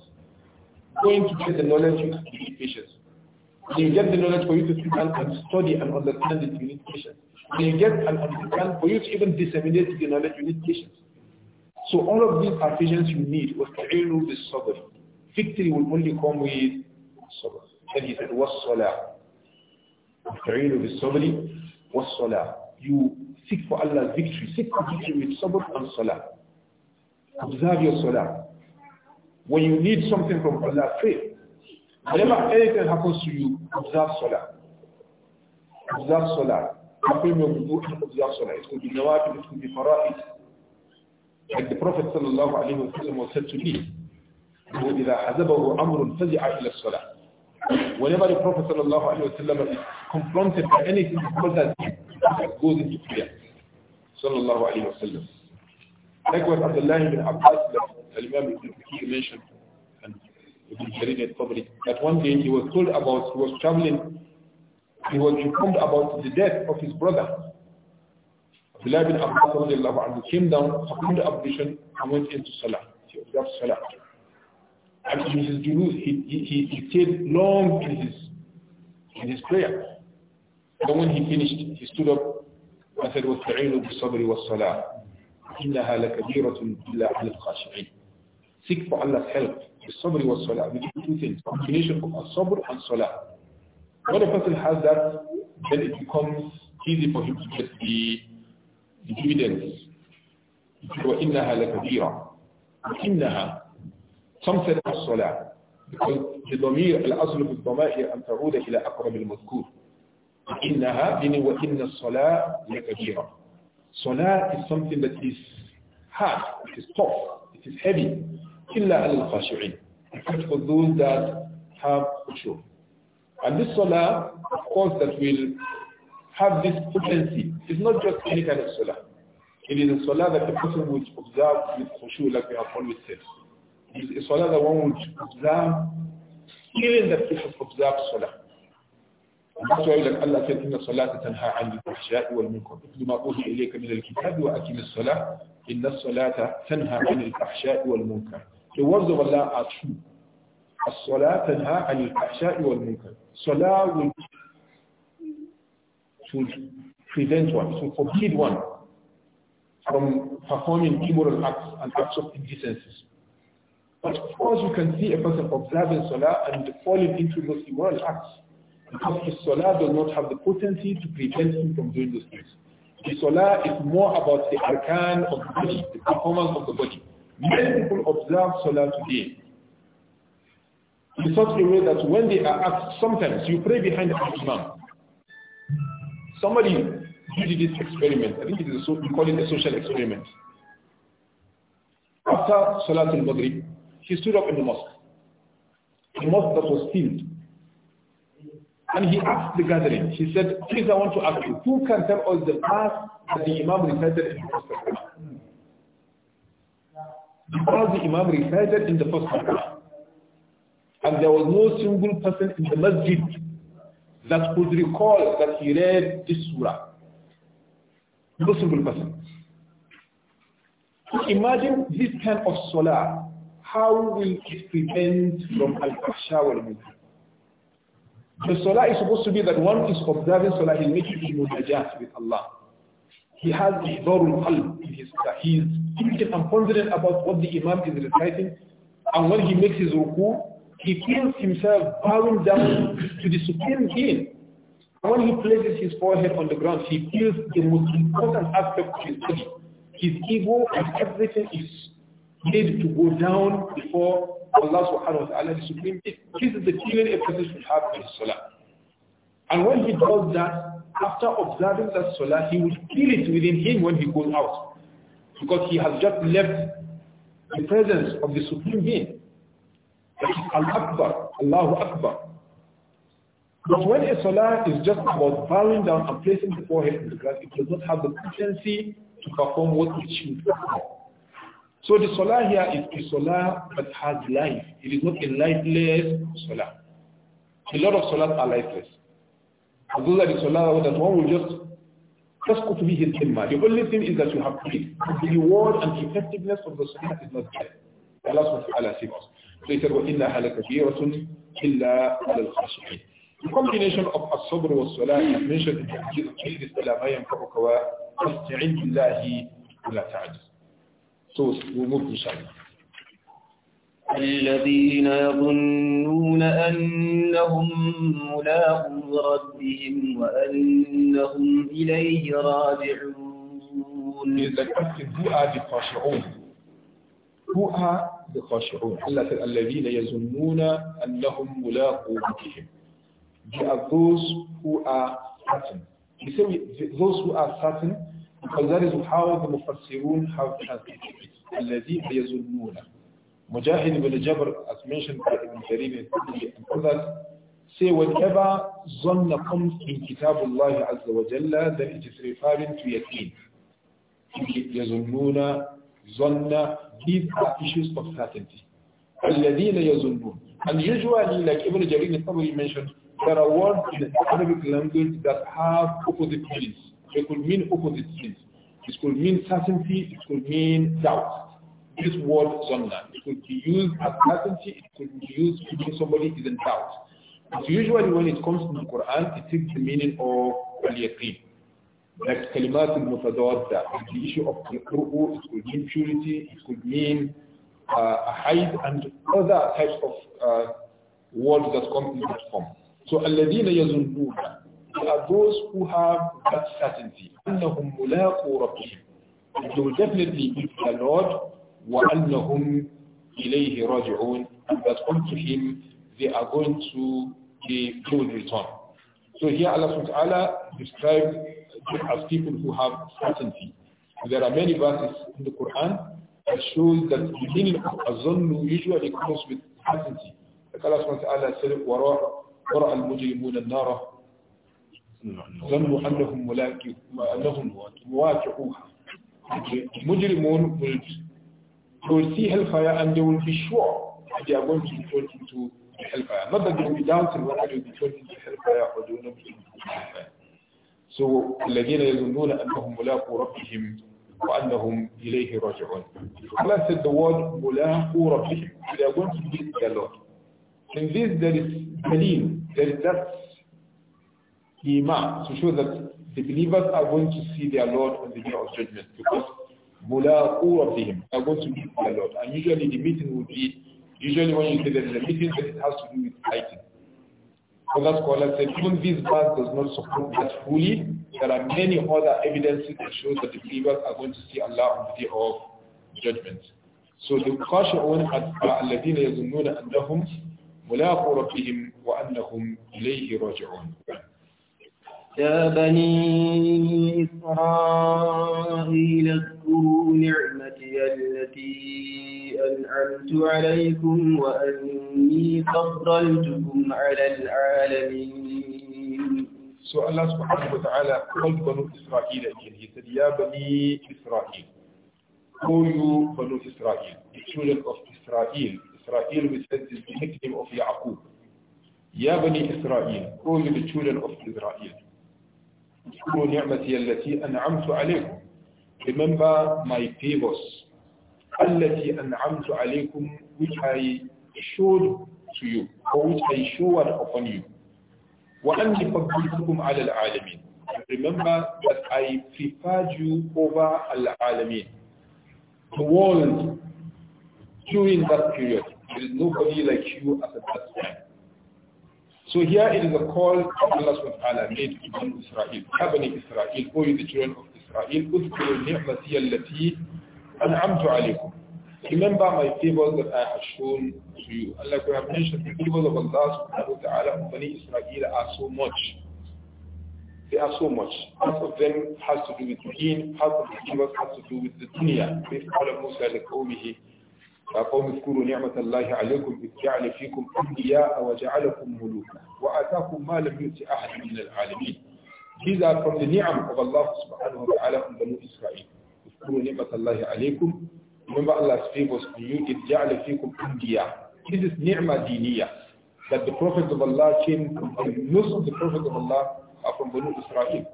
Going to get the knowledge, you need patience. When you get the knowledge for you to sit down and study and understand it, you need patience. When you get and understand, for you to even disseminate the knowledge, you need patience. So all of these are patience you need. was وَاسْتَعِينُوا بِالصَّبْرِ Victory will only come with sabr. Then he said, وَالصَّلَاةِ وَاسْتَعِينُوا بِالصَّبْرِ وَالصَّلَاةِ You seek for Allah's victory. Seek for victory with sabr and salah. Observe your salah. When you need something from Allah, pray. Whenever anything happens to you, observe salah. Observe salah. After your wudu, observe salah. It could be nawafil, it could be fara'id. Like the Prophet sallallahu alayhi wa sallam was said to me, وَإِذَا حَزَبَهُ أَمْرٌ فَزِعَ إِلَى الصَّلَاةِ whenever the Prophet sallallahu وسلم, is confronted by anything other than goes into prayer. Sallallahu alayhi wa sallam. Likewise, Abdullah ibn Abbas, Al-Imam Ibn tirmidhi mentioned, and Ibn Jarir al-Tabri, that one day he was told about, he was traveling, he was informed about the death of his brother. Abdullah ibn Abbas came down, performed the ablution, and went into Salah. He observed Salah. And in his julus, he, he, he stayed long in his, in his prayer. But when he finished, he stood up and said, وَاسْتَعِينُوا بِالصَّبْرِ وَالصَّلَاةِ إنها لكبيرة إلا على الخاشعين سكف على الحل الصبر والصلاة بجيبتين combination of الصبر والصلاة what if it has that then it becomes easy for him to get the dividends وإنها لكبيرة وإنها something of الصلاة because the ضمير الأصل في الضمائر أن تعود إلى أقرب المذكور إنها إن يعني وإن الصلاة لكبيرة صلاة is something that is hard, it is tough, it is heavy. Illa al الْخَاشِعِينَ Except for those that have khushu. And this salah, of course, that will have this potency. It's not just any kind of salah. It is a salah that the person would observe with khushu, like we have always said. It is a salah that one would observe, even that people observe salah. وما سئلك الله كيف الصلاة تنهى عن الفحشاء والمنكر مثل ما أوحي إليك من الكتاب وأقم الصلاة إن الصلاة تنهى عن الفحشاء والمنكر The words of Allah are true. الصلاة تنهى عن الفحشاء والمنكر. Salah will to prevent one, to forbid one from performing immoral acts and acts of indecencies. But of course you can see a person observing Salah and falling into those immoral acts. Because salah does not have the potency to prevent him from doing those things. The salah is more about the arkan of the body, the performance of the body. Many people observe salah today in such a way that when they are asked, sometimes you pray behind the imam. Somebody did this experiment. I think it is a, we call it a social experiment. After Salat al-Maghrib, he stood up in the mosque. The mosque that was filled and he asked the gathering, he said, please I want to ask you, who can tell us the past that the Imam recited in the first rak'ah? The the Imam recited in the first rak'ah. And there was no single person in the masjid that could recall that he read this surah. No single person. Imagine this kind of salah. How will it prevent from al-fahsha wal the salah is supposed to be that one is observing salah, in making munajat with Allah. He has ihdarul qalb in his salah. He is thinking and confident about what the imam is reciting. And when he makes his ruku, he feels himself bowing down to the supreme being. When he places his forehead on the ground, he feels the most important aspect of his body. His ego and everything is made to go down before Allah subhanahu wa ta'ala is supreme. This is the clear emphasis we have in Salah. And when he does that, after observing that Salah, he will feel it within him when he goes out. Because he has just left the presence of the Supreme Being. That is Al-Akbar, Allahu Akbar. But when a Salah is just about bowing down and placing the forehead in the ground, it does not have the potency to perform what it should perform. So the solar here is a solar that has life. It is not a lifeless solar. A lot of solars are lifeless. And those are the salah that one will just just go to be his dhimma. The only thing is that you have prayed. The reward and effectiveness of the solar is not there. Allah subhanahu wa ta'ala So he said, Inna لَكَبِيرَةٌ Illa عَلَى الْخَاشِعِينَ The combination of as-sabr wa salah is mentioned in the hadith of Jesus, لَا مَا يَنْفَعُكَ وَاسْتِعِنْ بِاللَّهِ وَلَا تَعْجِزُ ومر إن شاء الله الذين يظنون أنهم ملاقوا ربهم وأنهم إليه راجعون إذا كنت بخاشعون الخاشعون بخاشعون الخاشعون الذين يظنون أنهم ملاقوا ربهم They are those who are certain. You say those who are certain Because that is how the Mufassirun have translated الَّذِينَ يَظُنُّونَ Mujahid ibn Jabr, as mentioned by Ibn Jarir and others, say whenever Zanna comes in Kitabullah as wa Jalla, then it is referring to Yaqeen. يَظُنُّونَ Zanna, these are issues of certainty. الَّذِينَ يَظُنُّونَ And usually, like Ibn Jarir and mentioned, there are words in the Arabic language that have opposite meanings. It could mean opposite things. It could mean certainty. It could mean doubt. This word zonda. It could be used as certainty. It could be used to mean somebody is in doubt. But usually when it comes to the Quran, it takes the meaning of al-yaqeen. Like kalimat al-mutadawadda. The issue of al It could mean purity. It could mean uh, a hide and other types of uh, words that come in that form. So الذين يظنون they are those who have that certainty. أَنَّهُمْ They will definitely be the Lord وَأَنَّهُمْ إِلَيْهِ رَاجِعُونَ And that unto Him they are going to be will return. So here Allah subhanahu wa ta'ala describes as people who have certainty. There are many verses in the Quran that show that the meaning of azannu usually comes with certainty. Like Allah subhanahu wa ta'ala said, وَرَأَ الْمُجْرِمُونَ النَّارَ ظنوا أنهم انهم مواجهوها مجرمون قلت قلت سيه الخياء عندهم في الشوع أجي أقول لكم تقولون تو الخياء ما بدي أقول دانس الوحيد تقولون تو الخياء ودون سو الذين يظنون أنهم ملاقوا ربهم وأنهم إليه راجعون خلاص الدوال ملاقوا ربهم إذا قلت بيت كالور in this there is دليل there is that the Imam to show that the believers are going to see their Lord on the day of judgment because mulaqu of him are going to meet their Lord. And usually the meeting would be, usually when you say there is a meeting, that it has to do with fighting. that scholar said even this verse does not support that fully. There are many other evidences that show that the believers are going to see Allah on the day of judgment. So the khashi'un الذين يظنون أنهم ملاقو the وأنهم إليه راجعون. يا بني إسرائيل اذكروا نعمتي التي أنعمت عليكم وأني فضلتكم على العالمين سؤال الله سبحانه وتعالى قل بنو إسرائيل يا بني إسرائيل قولوا بنو إسرائيل The children of Israel Israel we said is the nickname of Yaqub يا بني إسرائيل all the children of Israel اذكروا نعمتي التي أنعمت عليكم remember my favors التي أنعمت عليكم which I showed to you or which I showed upon you وأني فضلتكم على العالمين remember that I preferred you over العالمين the world during that period there is nobody like you at that time so here it is a call Allah subhanahu wa ta'ala made to Bani Israel. Ya Bani Israel, O you the children of Israel, اذكروا نعمتي التي أنعمت عليكم. Remember my favors that I have shown to you. And like we have mentioned, the favors of Allah subhanahu wa ta'ala of Bani Israel are so much. They are so much. Part of them has to do with deen, part of the favors has to do with the dunya. With all of Musa لقومه يا قوم اذكروا نعمة الله عليكم إذ جعل فيكم أنبياء وجعلكم ملوكا وآتاكم ما لم يؤت أحد من العالمين These are from the ni'am of Allah subhanahu wa ta'ala on Banu Israel. Iskuru ni'mat Allah alaykum. Remember Allah's favors on you. It ja'ala fikum anbiya. This is ni'ma diniya. That the prophets of Allah came, most of the prophets of Allah are from Banu Israel.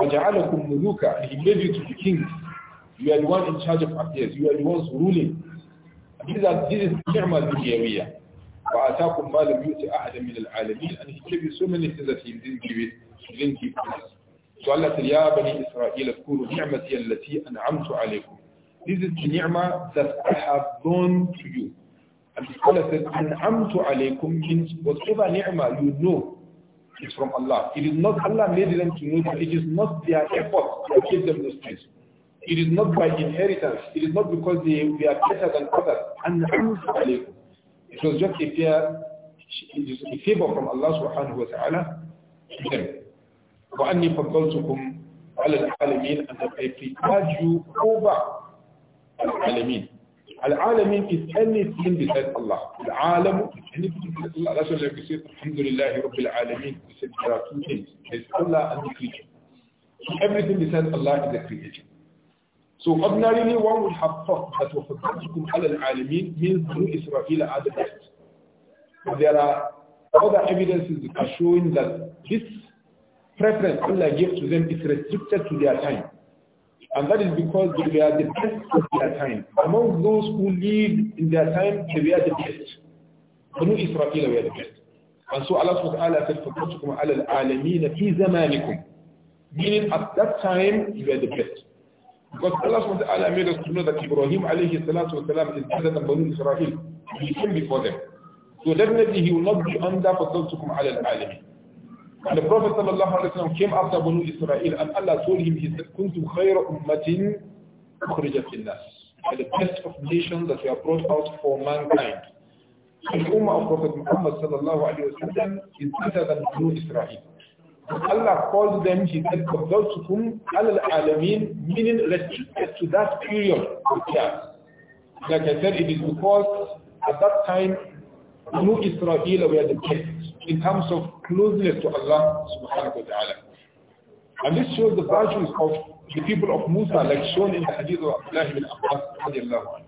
وَجَعَلَكُمْ مُلُوكَ He made you to be kings. You are the one in charge of affairs. You are the ones ruling this is ni'mal dunyawiyya. وَآتَاكُمْ مَا لَمْ يُؤْتِ you, And he gave Allah said, and بَنِي إِسْرَائِيلَ اذْكُرُوا نِعْمَتِيَ الَّتِي أَنْعَمْتُ This is the that I have done to you. And Allah said, means whatever ni'mah you know is from Allah. It is not Allah made them to know that it is not their effort to give them this things. It is not by inheritance. It is not because they, they are better than others. It was just a, fair, it is a favor from Allah subhanahu wa ta'ala to them. وَأَنِّي فَضَّلْتُكُمْ عَلَى الْعَالَمِينَ And that I prepared you over العالمين. العالمين is anything besides Allah. العالم is anything besides Allah. That's why we say, Alhamdulillah, Rabbil Alameen. We said there are two things. There is Allah and the creature. So everything besides Allah is the creature. So ordinarily one would have thought that وَفَقَّتُكُمْ عَلَى الْعَالَمِينَ means through Israel are the best. But there are other evidences that are showing that this preference Allah gave to them is restricted to their time. And that is because they were the best of their time. Among those who lived in their time, they were the best. Banu Israel were the best. And so Allah subhanahu wa ta'ala said, فَقَّتُكُمْ عَلَى الْعَالَمِينَ فِي زَمَانِكُمْ Meaning at that time, you were the best. Because Allah SWT made us to know that Ibrahim alayhi salatu wasalam is better than Banu Israel. He came before them. So definitely he will not be under for Sultukum ala al-alamin. And the Prophet sallallahu came after Banu Israel and Allah told him, he said, Kuntum khayra ummatin ukhrijat nas The best of nations that have brought out for mankind. The Ummah of Prophet Muhammad sallallahu alayhi wa sallam is better than Banu Israel. Allah called them, he said, those whom Allah alamin meaning restricted to that period of theirs. Like I said, it is because at that time, Banu Israel were the best in terms of closeness to Allah subhanahu wa ta'ala. And this shows the virtues of the people of Musa, like shown in the hadith of Abdullah ibn Abbas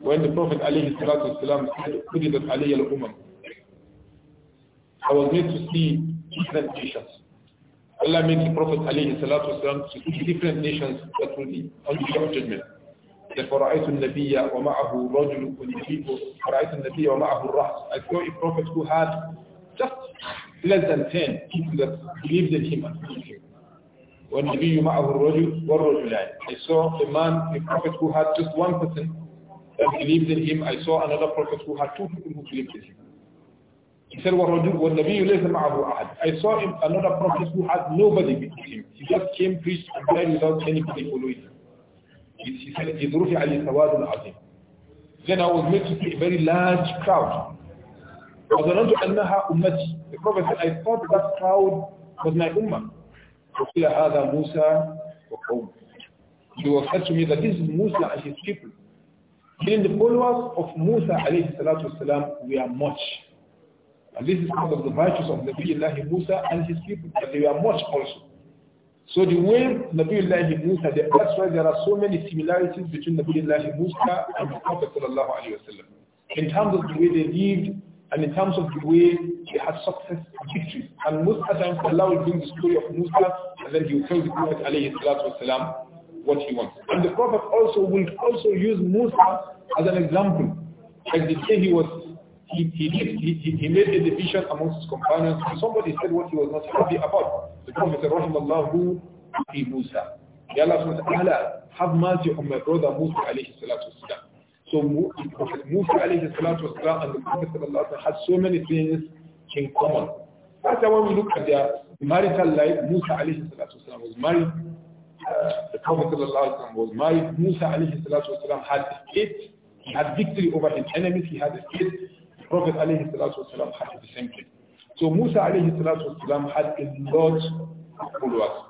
When the Prophet alayhi salatu wasalam said, I was made to see different nations. Allah made the Prophet alayhi salatu wasalam to see different nations that will be on the wa Ma'ahu Rajul, فرأيت people. ومعه رجل يجيب فرأيت النبي Ma'ahu Ras. I saw a prophet who had just less than 10 people that believed in him and followed him. والنبي معه الرجل والرجلان I saw a man, a prophet who had just one person that believed in him. I saw another prophet who had two people who believed in him. He said, "What the لَيْسَ مَعَهُ أَحَدٍ I saw him, another prophet who had nobody with him. He just came, preached, and died without anybody following him. He said, Ali رُفِعَ the الْعَظِيمِ Then I was met with a very large crowd. وَظَنَنْتُ أَنَّهَا أُمَّتِي The prophet said, I thought that crowd was my ummah. وَقِلَ He was said to me that this is Musa and his people. Meaning the followers of Musa alayhi salatu wasalam, we are much. And this is because of the virtues of Nabiullah Musa and his people, but they were much also. So the way Nabiullah Musa, that's why there are so many similarities between Nabiullah Musa and the Prophet Sallallahu Alaihi Wasallam. In terms of the way they lived and in terms of the way they had success and victory. And most times Allah will bring the story of Musa and then he will tell the Prophet Alayhi Wasallam what he wants. And the Prophet also will also use Musa as an example. Like the day he was he, he, did he, he made a division amongst his companions. Somebody said what he was not happy about. The Prophet said, Rahimallahu fi Musa. May Allah SWT have mercy on my brother Musa alayhi salatu wasalam. So Prophet Musa alayhi salatu wasalam and the Prophet sallallahu had so many things in common. That's why when we look at their marital life, Musa alayhi salatu wasalam was married. Uh, the Prophet sallallahu was married. Musa alayhi salatu wasalam had faith. He had victory over his enemies. He had faith. Prophet alayhi wasalam had the same thing. So Musa alayhi wasalam had a lot of followers.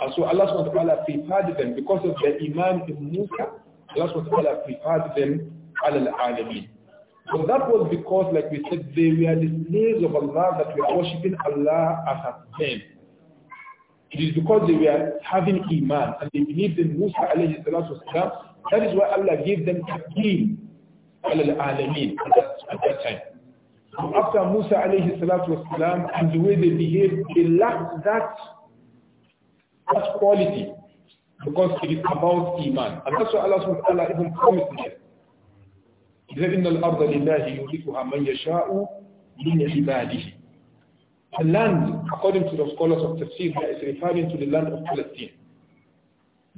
And so Allah subhanahu wa ta'ala prepared them because of the Iman in Musa, Allah subhanahu wa ta'ala prepared them ala al-alamin. So that was because, like we said, they were the slaves of Allah that were worshipping Allah as a them. It is because they were having Iman and they believed in Musa alayhi salatu wasalam. That is why Allah gave them taqdeem, at that time. So after Musa alayhi salatu wasalam and the way they behaved, they lacked that, that quality because it is about Iman. And that's why Allah subhanahu wa ta'ala even promised them. He said, إِنَّ الْأَرْضَ لِلَّهِ يُرِثُهَا مَنْ يَشَاءُ مِنْ عِبَادِهِ The land, according to the scholars of Tafsir, is referring to the land of Palestine.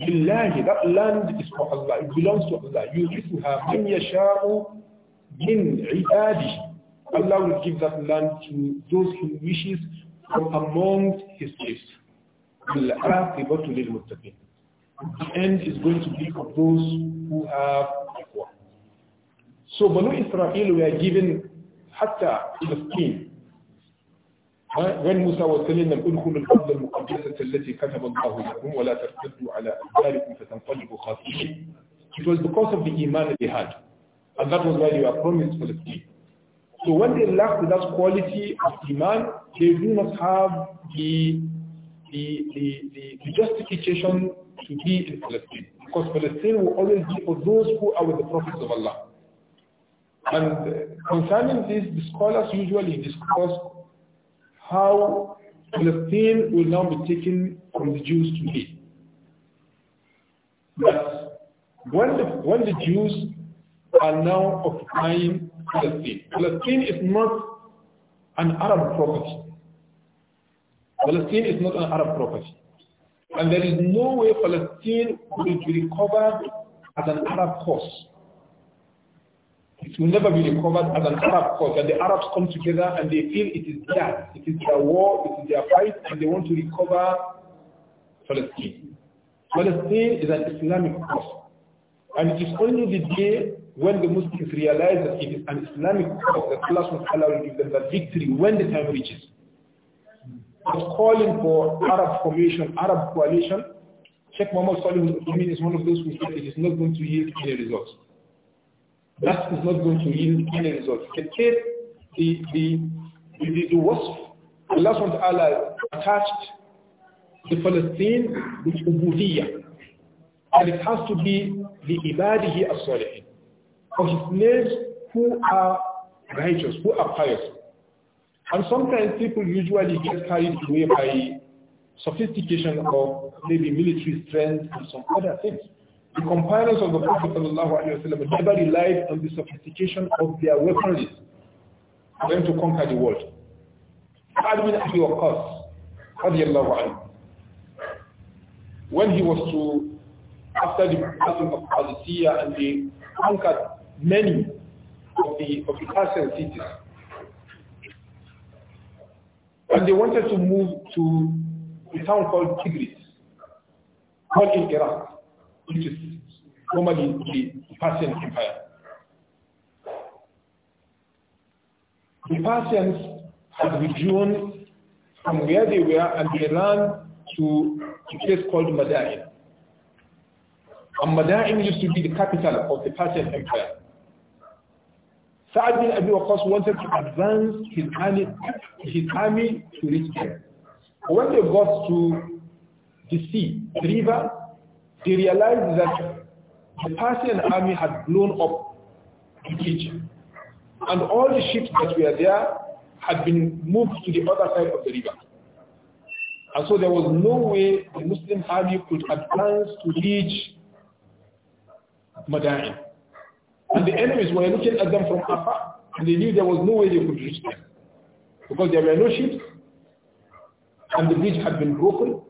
Billahi, that land is for Allah. It belongs to Allah. Yurisuha man yasha'u min ibadi. Allah will give that land to those who wishes from among his slaves. العاقبة للمتقين. The end is going to be for those who have taqwa. So Banu Israel were given the skin when Musa was telling them, التي كتب الله لكم ولا ترتدوا على أدباركم فتنقلبوا خاسرين. It was because of the iman they had. And that was why they were promised for the king. So when they lack that quality of iman, they do not have the, the, the, the, the justification to be in Palestine. Because Palestine will always be for those who are with the prophets of Allah. And uh, concerning this, the scholars usually discuss how Palestine will now be taken from the Jews be? But when the, when the Jews are now occupying Palestine, Palestine is not an Arab property. Palestine is not an Arab property. And there is no way Palestine will be recovered as an Arab cause. It will never be recovered as an Arab cause. And the Arabs come together and they feel it is their, It is their war, it is their fight, and they want to recover Palestine. Palestine is an Islamic cause. And it is only the day when the Muslims realize that it is an Islamic cause that Allah will give them that victory when the time reaches. But calling for Arab formation, Arab coalition, Sheikh Mohammed Salim is one of those who said it is not going to yield any results that is not going to yield any result. the, the, the, the wasf. Allah SWT attached the Palestine with And it has to be the Ibadihi as-Salihin. Of his slaves who are righteous, who are pious. And sometimes people usually get carried away by sophistication or maybe military strength and some other things. The companions of the Prophet ﷺ never relied on the sophistication of their weaponry for them to conquer the world. Sa'ad bin Abi Waqqas, when he was to, after the battle of Qadisiyah and they conquered many of the, of the Persian cities, and they wanted to move to a town called Tigris, called in Iraq which is formerly the Persian Empire. The Persians had withdrawn from where they were and they ran to a place called Madain. And Madain used to be the capital of the Persian Empire. Sa'ad bin Abi Waqqas wanted to advance his army, his army to reach there. When they got to the sea, the river, they realized that the Persian army had blown up the kitchen. And all the ships that were there had been moved to the other side of the river. And so there was no way the Muslim army could advance to reach Madain. And the enemies were looking at them from afar, and they knew there was no way they could reach them. Because there were no ships, and the bridge had been broken,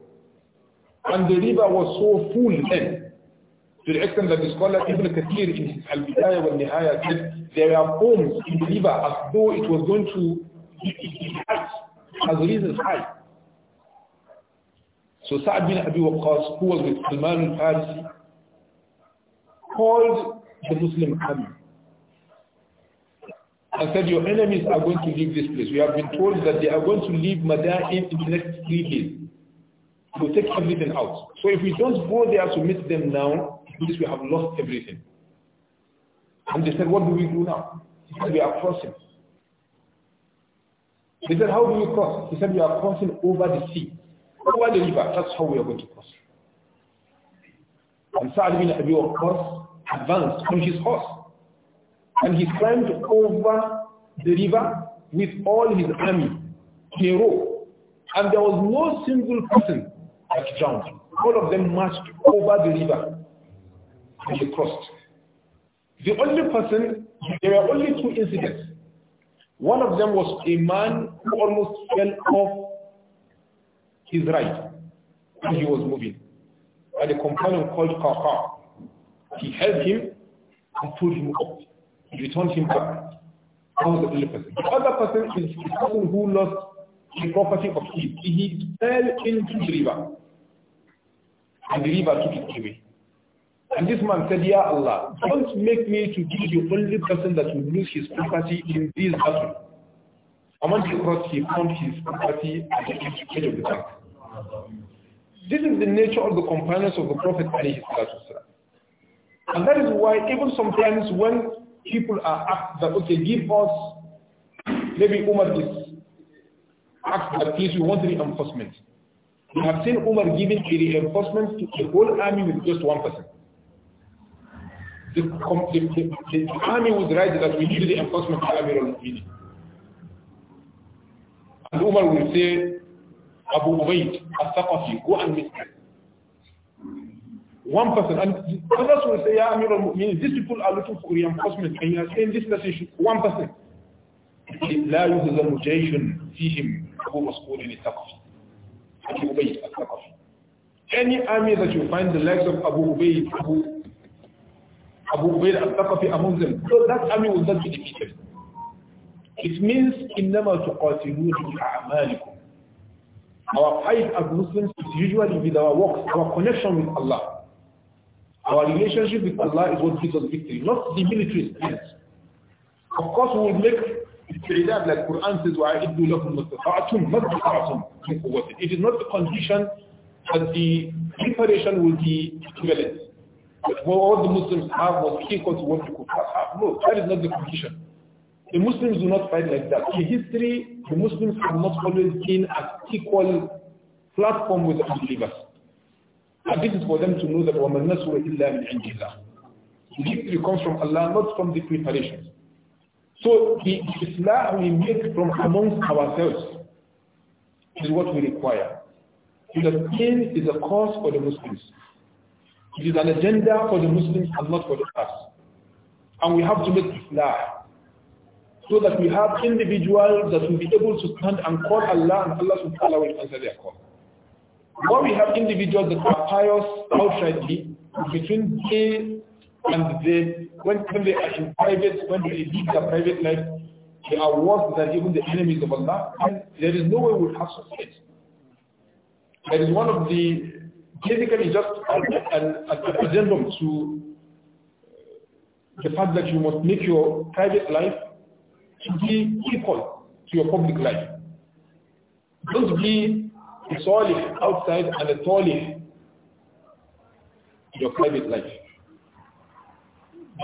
and the river was so full then, to the extent that the scholar Ibn Kathir in his Al-Bidayah wal Nihaya said, there are poems in the river as though it was going to height, as reasons high. So Sa'ad bin Abi Waqqas, who was with Salman al-Farisi, called the Muslim army and said, your enemies are going to leave this place. We have been told that they are going to leave Madain in the next three days will take everything out. So if we don't go there to meet them now, we have lost everything. And they said, what do we do now? He said, we are crossing. They said, how do we cross? He said, we are crossing over the sea, over the river. That's how we are going to cross. And Sa'ad bin Abi Waqqas advanced on his horse. And he climbed over the river with all his army hero, And there was no single person like drowned. All of them marched over the river and they crossed. The only person, there were only two incidents. One of them was a man who almost fell off his right when he was moving. And a companion called Kaka. He helped him and pulled him up. He returned him back. That was the only person. The other person is the person who lost the property of his. He fell into the river and the river took it away. And this man said, Ya Allah, don't make me to be the only person that will lose his property in this battle. And when he crossed, he found his property at the edge of the bank. This is the nature of the companions of the Prophet And that is why even sometimes when people are asked that, okay, give us, maybe Umar is asked that, please, we want reinforcement. You have seen Umar giving a reinforcement to the whole army with just one person. The, the, the, the army was right that we need the enforcement of Amir al-Mu'minin. And Umar will say, Abu Ubaid, al-Thaqafi, go and meet him. One person, and others will say, Ya Amir al-Mu'minin, these people are looking for reinforcement, and you are saying this person, one person. لا يهزم جيش فيهم أبو مسعود الثقفي Abu Ubay Any army that you find the likes of Abu Ubay, Abu, Abu Ubay al among them, so that army will not be defeated. It means إِنَّمَا تُقَاتِلُونَ بِأَعْمَالِكُمْ Our fight as Muslims is usually with our works, our connection with Allah. Our relationship with Allah is what gives us victory, not the military stance. Of course, we will make Istidad, like Quran says, وَعِدُّ لَكُمْ مَسْتَطَعْتُمْ مَسْتَطَعْتُمْ It is not the condition that the preparation will be equivalent. But what all the Muslims have was equal to what the Kuffar have. Ah, no, that is not the condition. The Muslims do not fight like that. In history, the Muslims have not always been an equal platform with the unbelievers. And this is for them to know that وَمَنْ نَسْوَ إِلَّا مِنْ عِنْدِ اللَّهِ victory comes from Allah, not from the preparations. So the Islam we make from amongst ourselves is what we require. The king is a cause for the Muslims. It is an agenda for the Muslims and not for us. And we have to make Islam so that we have individuals that will be able to stand and call Allah and Allah subhanahu will answer their call. When we have individuals that are pious outrightly, between day and they, when, when they are in private, when they lead their private life, they are worse than even the enemies of Allah. And there is no way we have success. That is one of the, basically just an, an addendum to the fact that you must make your private life to be equal to your public life. Don't be a solid outside and a solid in your private life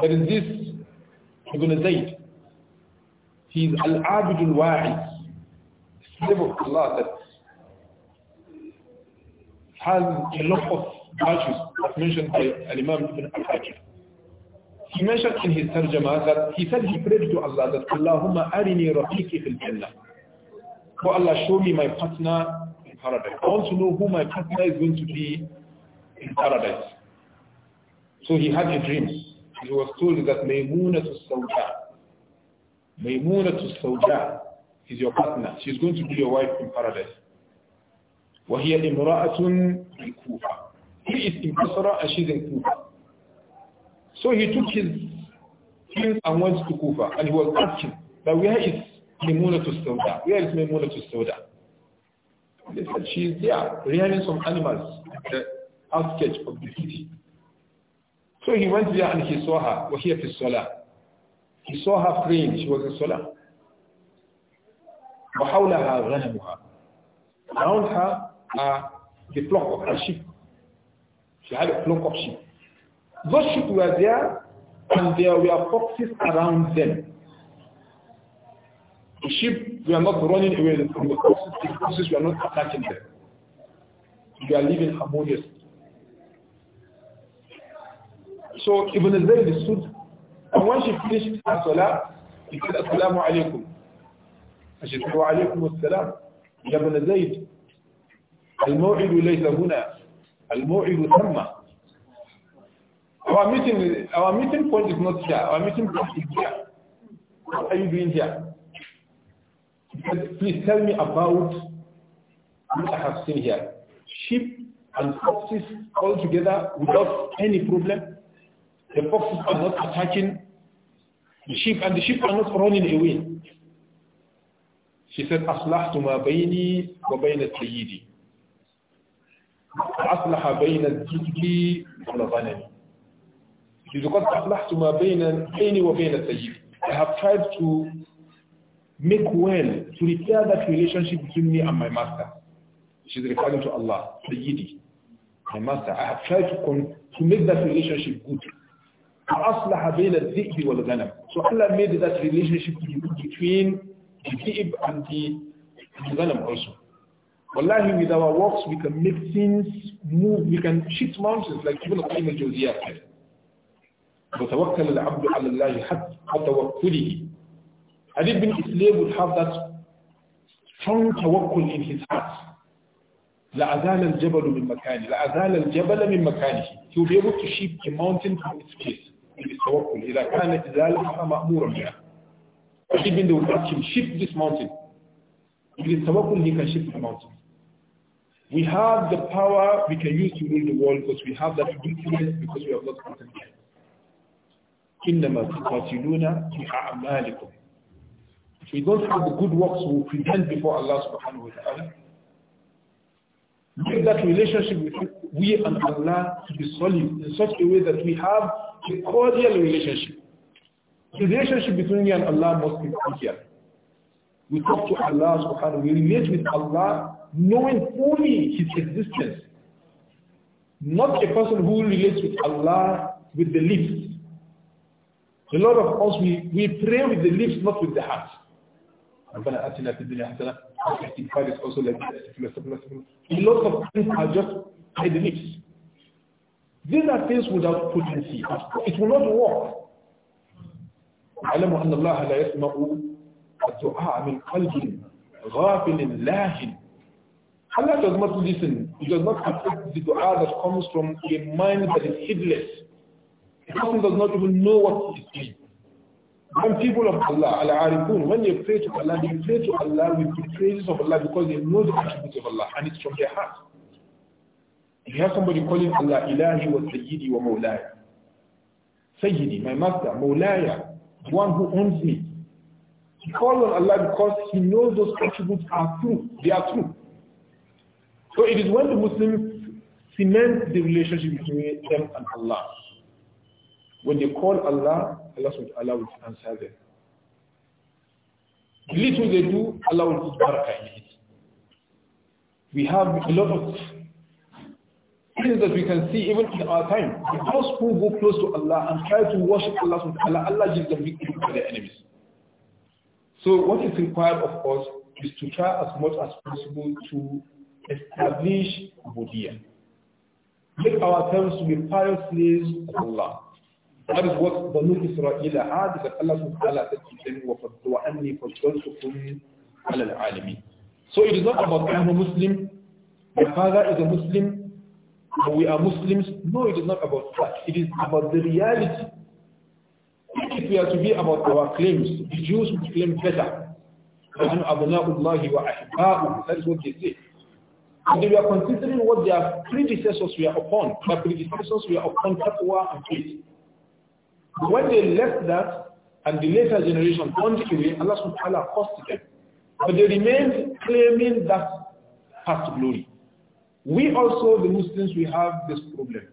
in this Ibn Zayd. He is al al Wa'id, slave of Allah that has a lot of virtues as mentioned by Al-Imam Ibn Al-Hajj. He mentioned in his tarjama that he said he prayed to Allah that Allahumma arini rafiqi fil jannah. Oh Allah, show me my partner in paradise. I want to know who my partner is going to be in paradise. So he had a dream he was told that Maimuna to Sauda, Maimuna to Sauda is your partner. She's going to be your wife in paradise. وهي امرأة بالكوفة. He is in and she's in Kufa. So he took his things and went to Kufa and he was asking that where is Maimuna to Sauda? Where is Maimuna to Sauda? They said she is there, rearing some animals at the outskirts of the city. So he went there and he saw her. Well, here is Salah. He saw her praying. She was in Salah. Around her are the flock of her sheep. She had a flock of sheep. Those sheep were there and there were foxes around them. The sheep were not running away from the foxes. The foxes were not attacking them. They are living harmoniously. So Ibn Zayd stood, and when she finished her salah, he said, Assalamu alaikum. And she said, Wa alaikum assalam. Ya Ibn Zayd, al-maw'idu laysa huna, al-maw'idu thamma. Our meeting, our meeting point is not here. Our meeting point is here. What are you doing here? He said, please tell me about what I have seen here. Sheep and foxes all together without any problem. The foxes are not attacking the sheep, and the sheep are not running away. She said, أصلحت ما بيني وبين سيدي. أصلح بين الذئب والغنم. Because أصلحت ما بين بيني وبين سيدي. I have tried to make well, to repair that relationship between me and my master. She's referring to Allah, Sayyidi, my master. I have tried to, con to make that relationship good. فَأَصْلَحَ بَيْنَ الذِّئْبِ وَالْغَنَمِ So Allah made that relationship between the dhi'b and the, the ghanam also. Wallahi, with our works, we can make things move, we can shift mountains like even Ibn Qayyim al-Jawziyah said. وَتَوَكَّلَ الْعَبْدُ عَلَى اللَّهِ حَتَّى تَوَكُّلِهِ Ali bin Islam would have that strong tawakkul in his heart. لَأَذَالَ الْجَبَلُ مِنْ مَكَانِهِ لَأَذَالَ الْجَبَلَ مِنْ مَكَانِهِ He would be able to shift a mountain from its place. بالتوكل إذا كانت ذلك بها shift this mountain he can shift the mountain we have the power we can use to rule the world because we have that influence because we have not contemplated إنما تقاتلون في أعمالكم If we don't have the good works we will present before Allah subhanahu wa ta'ala Make that relationship with we and Allah to be solid in such a way that we have a cordial relationship. The relationship between me and Allah must be cordial. We talk to Allah subhanahu we relate with Allah knowing fully his existence. Not a person who relates with Allah with the lips. A lot of us, we, we pray with the lips, not with the heart is also like uh, A lot of things are just head lips. These are things without potency. It will not work. أن الله لا يسمع الدعاء من قلب غافل Allah does not listen. He does not accept the dua that comes from a mind that is heedless. The person does not even know what he is saying. When people of Allah, Al-Arifun, when they pray to Allah, they pray to Allah with the praises of Allah because they know the attributes of Allah and it's from their heart. If you have somebody calling Allah Ilahi wa Sayyidi wa Mawlaya, Sayyidi, my master, Mawlaya, the one who owns me, he calls on Allah because he knows those attributes are true. They are true. So it is when the Muslims cement the relationship between them and Allah. When they call Allah Allah will, Allah will answer them. The little they do, Allah will put barakah in it. We have a lot of things that we can see even in our time. Those who go close to Allah and try to worship Allah, Allah gives them victory over their enemies. So what is required of us is to try as much as possible to establish Bodhiya. Make ourselves to be pious slaves of Allah. That is what Banu Israel had, that Allah subhanahu wa ta'ala to them, عَلَى الْعَالَمِينَ So it is not about I'm a Muslim, my father is a Muslim, we are Muslims. No, it is not about that. It is about the reality. If we are to be about our claims, the Jews would claim better. That is what they say. And they are considering what their predecessors were upon. Their predecessors were upon taqwa and faith. When they left that, and the later generation turned away, Allah subhanahu wa ta'ala caused them. But they remained claiming that past glory. We also, the Muslims, we have this problem.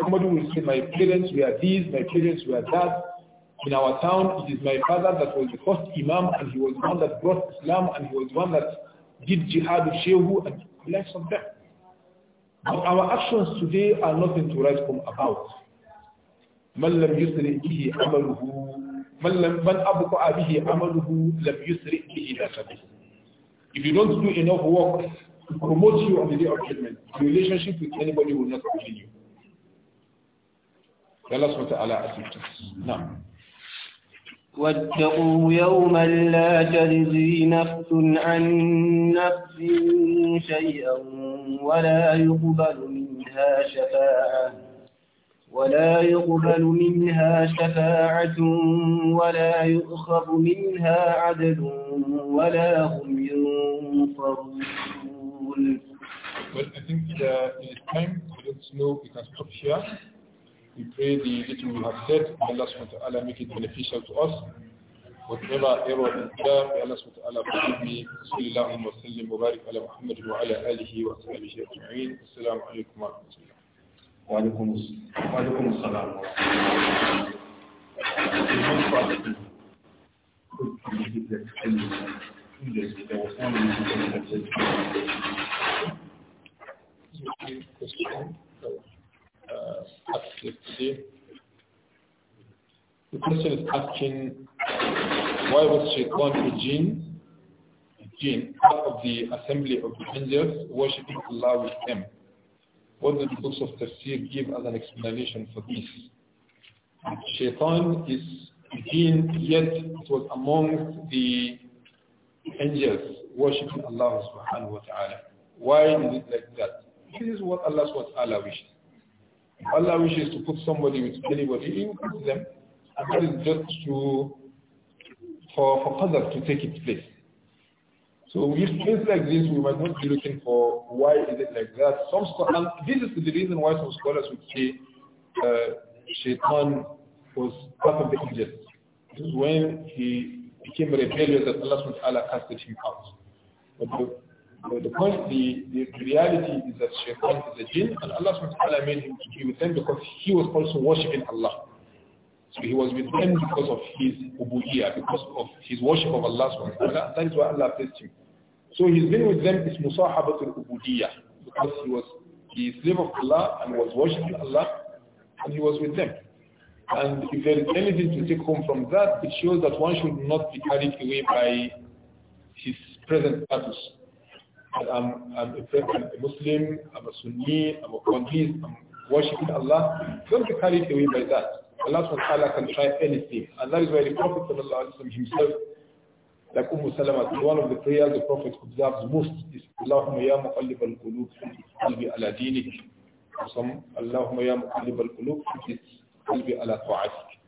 Somebody will say, my parents were these, my parents were that. In our town, it is my father that was the first imam, and he was one that brought Islam, and he was one that did jihad, shehu, and the likes of that. But our actions today are nothing to write home about. من لم yusri به amaluhu من lam man abqa bihi amaluhu lam yusri bihi nasabuhu if you don't do enough work to promote you on the day of judgment the relationship with anybody will not continue Allah subhanahu wa ta'ala assist us now واتقوا يوما لا تجزي نفس عن نفس شيئا ولا يقبل منها شفاعه ولا يقبل منها شفاعة ولا يؤخذ منها عدل ولا هم ينصرون Well, I think the, it is time. Let's know we can stop here. We pray the little we have said, may Allah SWT make it beneficial to us. Whatever error is there, may Allah SWT forgive me. Sallallahu alayhi wa sallam, mubarak ala Muhammad wa ala alihi wa sahbihi ajma'in. Assalamu alaikum wa rahmatullahi وعليكم السلام The question is asking why was she Shaitan to Jin, Jin, part of the assembly of the angels worshipping Allah with them? what did the books of tafsir give as an explanation for this? Shaitan is being yet it was among the angels worshipping Allah subhanahu wa ta'ala. Why is it like that? This is what Allah subhanahu wa ta'ala wishes. Allah wishes to put somebody with anybody, he will them. And that is just to, for, for Qadr to take its place. So if things like this, we might not be looking for why is it like that. Some scholars, this is the reason why some scholars would say uh, Shaitan was part of the angels. This is when he became rebellious that Allah subhanahu wa ta'ala casted him out. But the, the, point, the, the reality is that Shaitan is a jinn and Allah subhanahu wa ta'ala made him to be with them because he was also worshipping Allah. So he was with them because of his ubuyyah, because of his worship of Allah subhanahu wa ta'ala. That is why Allah blessed him. So he's been with them is musahabatul ubudiyyah because he was he slave of Allah and was worshipping Allah and he was with them. And if there is anything to take home from that, it shows that one should not be carried away by his present status. I'm, I'm, a, I'm a Muslim, I'm a Sunni, I'm a Qadis, I'm worshipping Allah. Don't be carried away by that. Allah subhanahu can try anything. And that is why the Prophet himself, like Umm Salama, one of the prayers the Prophet observes most is Allahumma ya muqallib al-qulub, qalbi ala dinik. Allahumma ya muqallib al-qulub, qalbi ala ta'atik.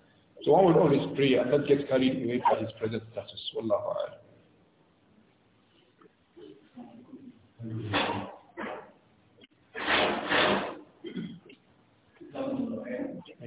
So one will always pray and not get carried away by his present status. Wallahu a'lam.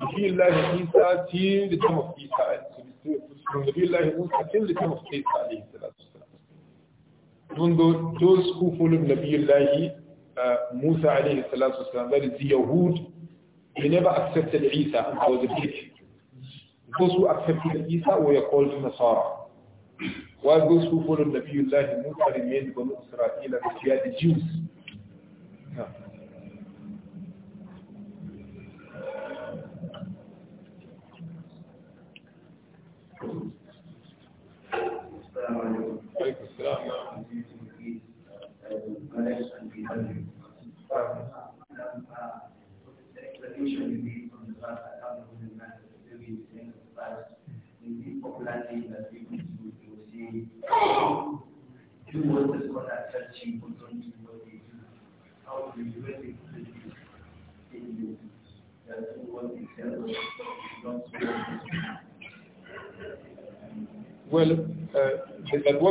Nabiullah Isa till the time of Isa, from Nabiullah Musa till the time of Isa, even though those who followed Nabiullah uh, Musa, that is the Yahud, they never accepted Isa and was a big. Those who accepted Isa were called Nasara. While those who followed Nabiullah Musa remained Banu Israel, they the Jews.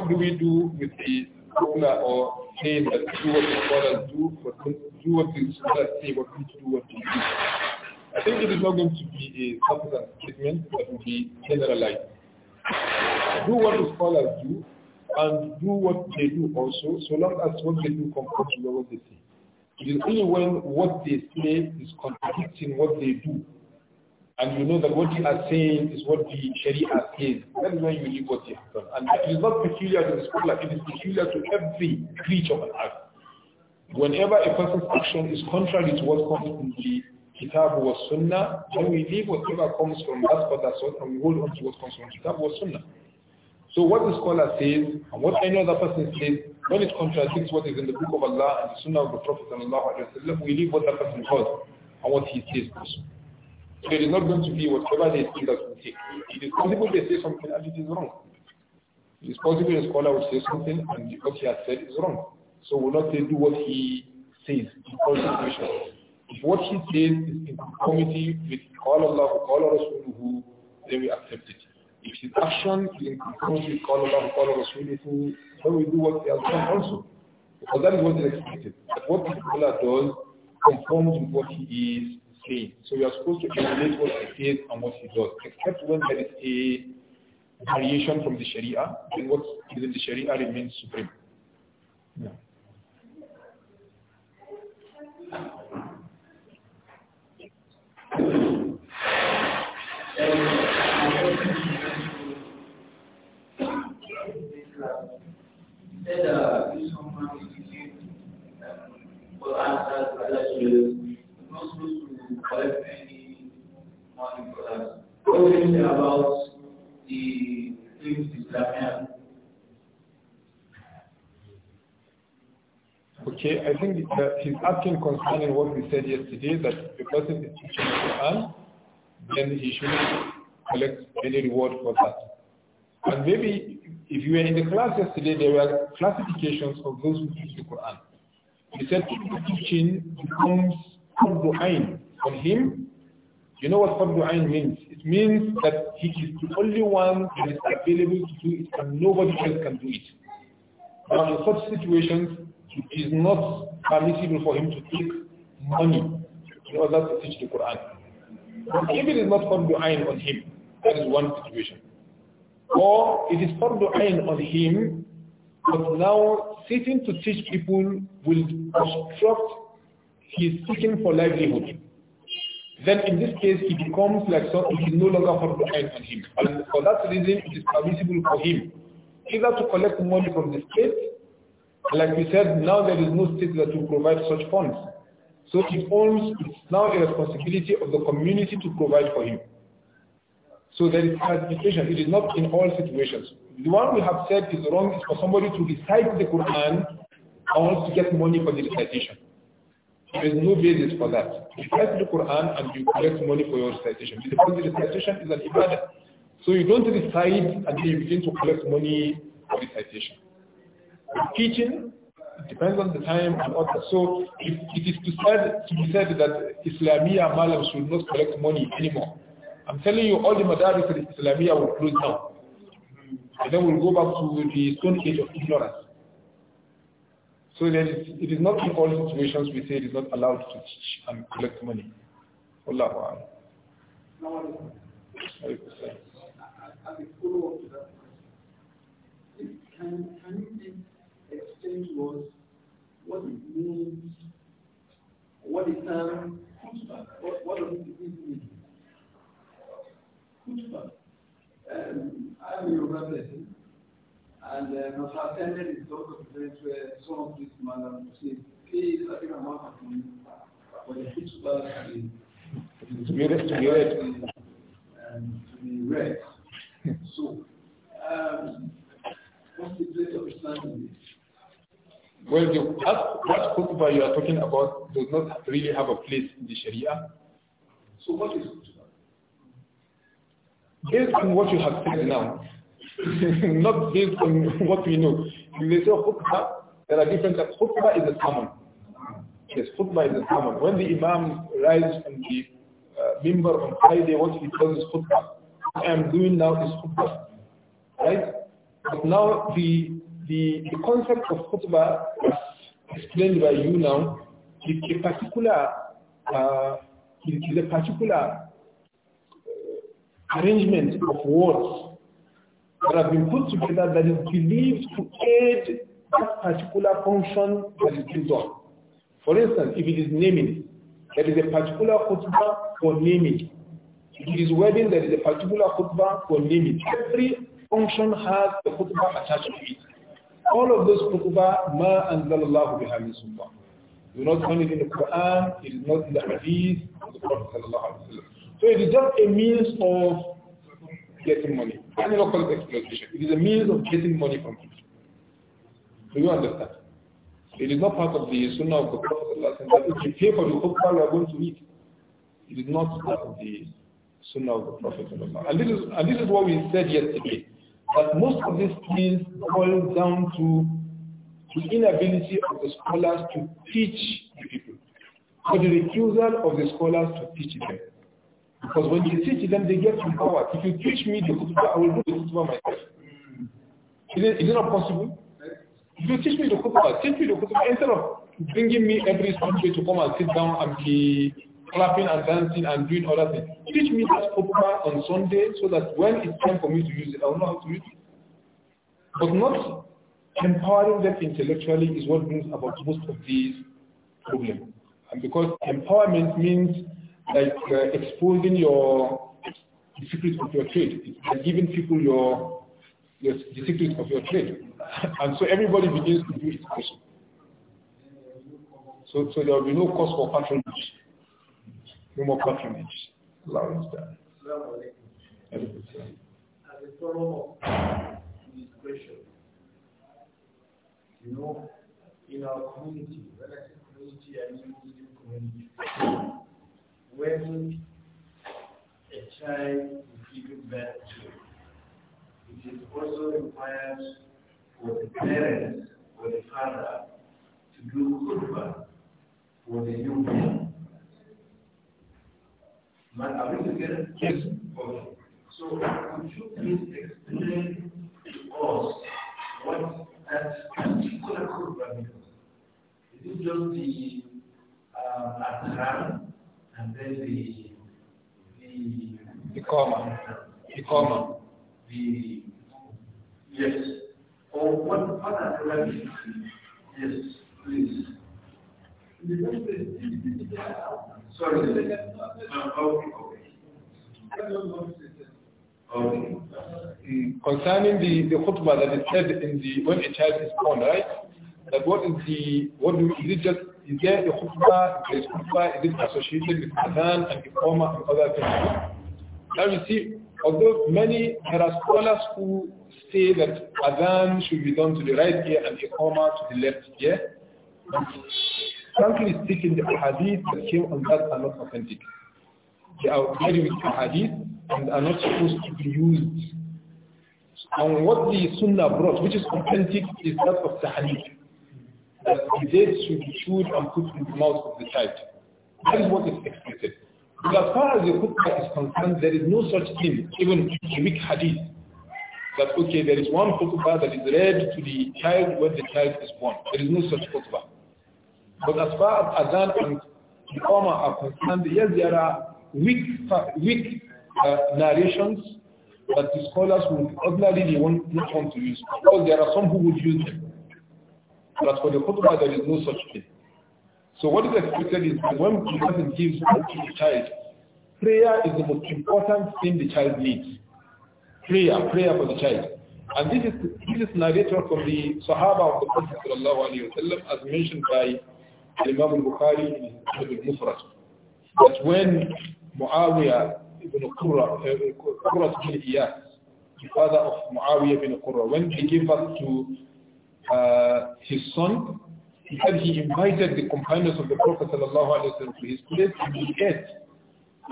do we do with the ruler or saying that do what the scholars do, but do what the scholars say, but do do what they do? I think it is not going to be a substance statement that will be generalized. Do what the scholars do and do what they do also, so long as what they do conforms to what they say. It is only when what they say is contradicting what they do and you know that what you are saying is what the Sharia says, that is when you leave what you have done. And it is not peculiar to the scholar, it is peculiar to every creature on earth. Whenever a person's action is contrary to what comes from the Kitab or Sunnah, then we leave whatever comes from that for that sort and we hold on to what comes from Kitab or Sunnah. So what the scholar says and what any other person says, when it contradicts what is in the Book of Allah and the Sunnah of the Prophet, we leave what that person does and what he says also. So it is not going to be whatever they think that we take. It is possible they say something and it is wrong. It is possible a scholar would say something and what he has said is wrong. So we will not say do what he says in all situations. If what he says is in conformity with all Allah, all Rasuluhu, then we accept it. If his action is in conformity with all Allah, all Rasuluhu, then we do what he has done also. Because that is what is expected. That what the scholar does conforms with what he is saying. So you are supposed to emulate what he says and what he does, except when there is a variation from the Sharia, then what is in the Sharia remains supreme. Yeah collect any money for that. What do you say about the things Islam Okay, I think uh, he's asking concerning what we said yesterday that the person is teaching Quran, then he shouldn't collect any reward for that. And maybe if you were in the class yesterday, there were classifications of those who teach the Quran. He said teaching becomes on him. You know what Fardu Ain means? It means that he is the only one that is available to do it and nobody else can do it. Now in such situations, it is not permissible for him to take money in order to teach the Quran. But if it is not Fardu Ain on him, that is one situation. Or it is Fardu Ain on him, but now sitting to teach people will obstruct his seeking for livelihood then in this case he becomes like so it is no longer fardu'ain on him. And for that reason it is permissible for him either to collect money from the state, like we said, now there is no state that will provide such funds. So it owns, it's now a responsibility of the community to provide for him. So there is participation. It is not in all situations. The one we have said is wrong is for somebody to recite the Quran and wants to get money for the recitation. There is no basis for that. You read the Quran and you collect money for your recitation. Because the recitation is an ibadah. So you don't recite and then you begin to collect money for recitation. Teaching depends on the time and other. So it is to, said, to be said that Islamia Malam should not collect money anymore. I'm telling you all the madaris of Islamia will close down. And then we'll go back to the stone age of ignorance. So that it is not in all situations we say it is not allowed to teach and collect money. Allahu Akbar. Can, can you exchange was what it means, what it term, what, what does it mean? Um, I'm your brother. And uh, Mr. Attendant um, is also present where some of these men are say, please, I think I'm not happy for the Hitchback to be to be read. And to be read. so, um, what's the place of Islam Well, the, that khutbah you are talking about does not really have a place in the Sharia. So what is khutbah? Based on what you have said now, Not based on what we know. When they say oh, khutbah, there are different types. Khutbah is a sermon. Yes, khutbah is a sermon. When the imam rises from the uh, mimbar on Friday, what he calls is khutbah. What I am doing now is khutbah. Right? But now the, the, the concept of khutbah is explained by you now is a particular uh, is a particular uh, arrangement of words that have been put together that is believed to aid that particular function that is built on. For instance, if it is naming, there is a particular khutbah for naming. If it is wedding, there is a particular khutbah for naming. Every function has a khutbah attached to it. All of those khutbah, ma anzalallahu biha min sultan. You not find it in the Quran, it is not in the Hadith of the Prophet So it is just a means of getting money. I do not call it exploitation. It is a means of getting money from people. Do you understand? It is not part of the sunnah of the Prophet if you pay for the kuffar, you are going to eat. It is not part of the sunnah of the Prophet. And this is, and this is what we said yesterday, that most of these things boil down to the inability of the scholars to teach the people, or the refusal of the scholars to teach them. Because when you teach them, they get empowered. If you teach me the khutbah, I will do the khutbah myself. Is it, is it not possible? If you teach me the khutbah, teach me the khutbah instead of bringing me every Sunday to come and sit down and be clapping and dancing and doing other things. Teach me that khutbah on Sunday so that when it's time for me to use it, I will know how to use it. But not empowering them intellectually is what brings about most of these problems. And because empowerment means like uh, exposing your secrets of your trade. It's like giving people your, your the secrets of your trade, and so everybody begins to do it also. So, so there will be no cost for patronage, no more patronage. Allah is done. As a follow-up to this question, you know, in our community, relative community, I mean community when a child is given birth to, it is also required for the parents for the father to do khutbah for the newborn. Man, are we together? Yes. Okay. So could you please explain to us what that particular khutbah means? Is it just the uh, and then the the, the comma, the comma, the yes. Or oh, what what are the Yes, please. Sorry. Okay. Concerning the, the khutbah that is said in the when a child is born, right? That what is the what do, is it just is there a khutbah, there is khutbah, is it associated with Adhan and Iqamah and other things? Now you see, although many, scholars who say that Adhan should be done to the right ear and iqama to the left ear. frankly speaking, the hadith that came on that are not authentic. They are very weak hadith and are not supposed to be used. And what the Sunnah brought, which is authentic, is that of Tahanif that the should be chewed and put in the mouth of the child. That is what is expected. But as far as the khutbah is concerned, there is no such thing, even in weak hadith, that okay, there is one khutbah that is read to the child when the child is born. There is no such khutbah. But as far as adhan and iqama are concerned, yes, there are weak, weak uh, narrations that the scholars would ordinarily not want to use. Because there are some who would use them. But for the khutbah, there is no such thing. So what is expected is that when the person gives to the child, prayer is the most important thing the child needs. Prayer, prayer for the child. And this is this is narrated from the Sahaba of the Prophet وسلم, as mentioned by Imam al-Bukhari in his Mufrat. That when Muawiyah ibn Qurra, uh, Qurra ibn Iyas, the father of Muawiyah ibn Qurra, when he gave birth to uh, his son, he said he invited the companions of the Prophet ﷺ to his place and he ate.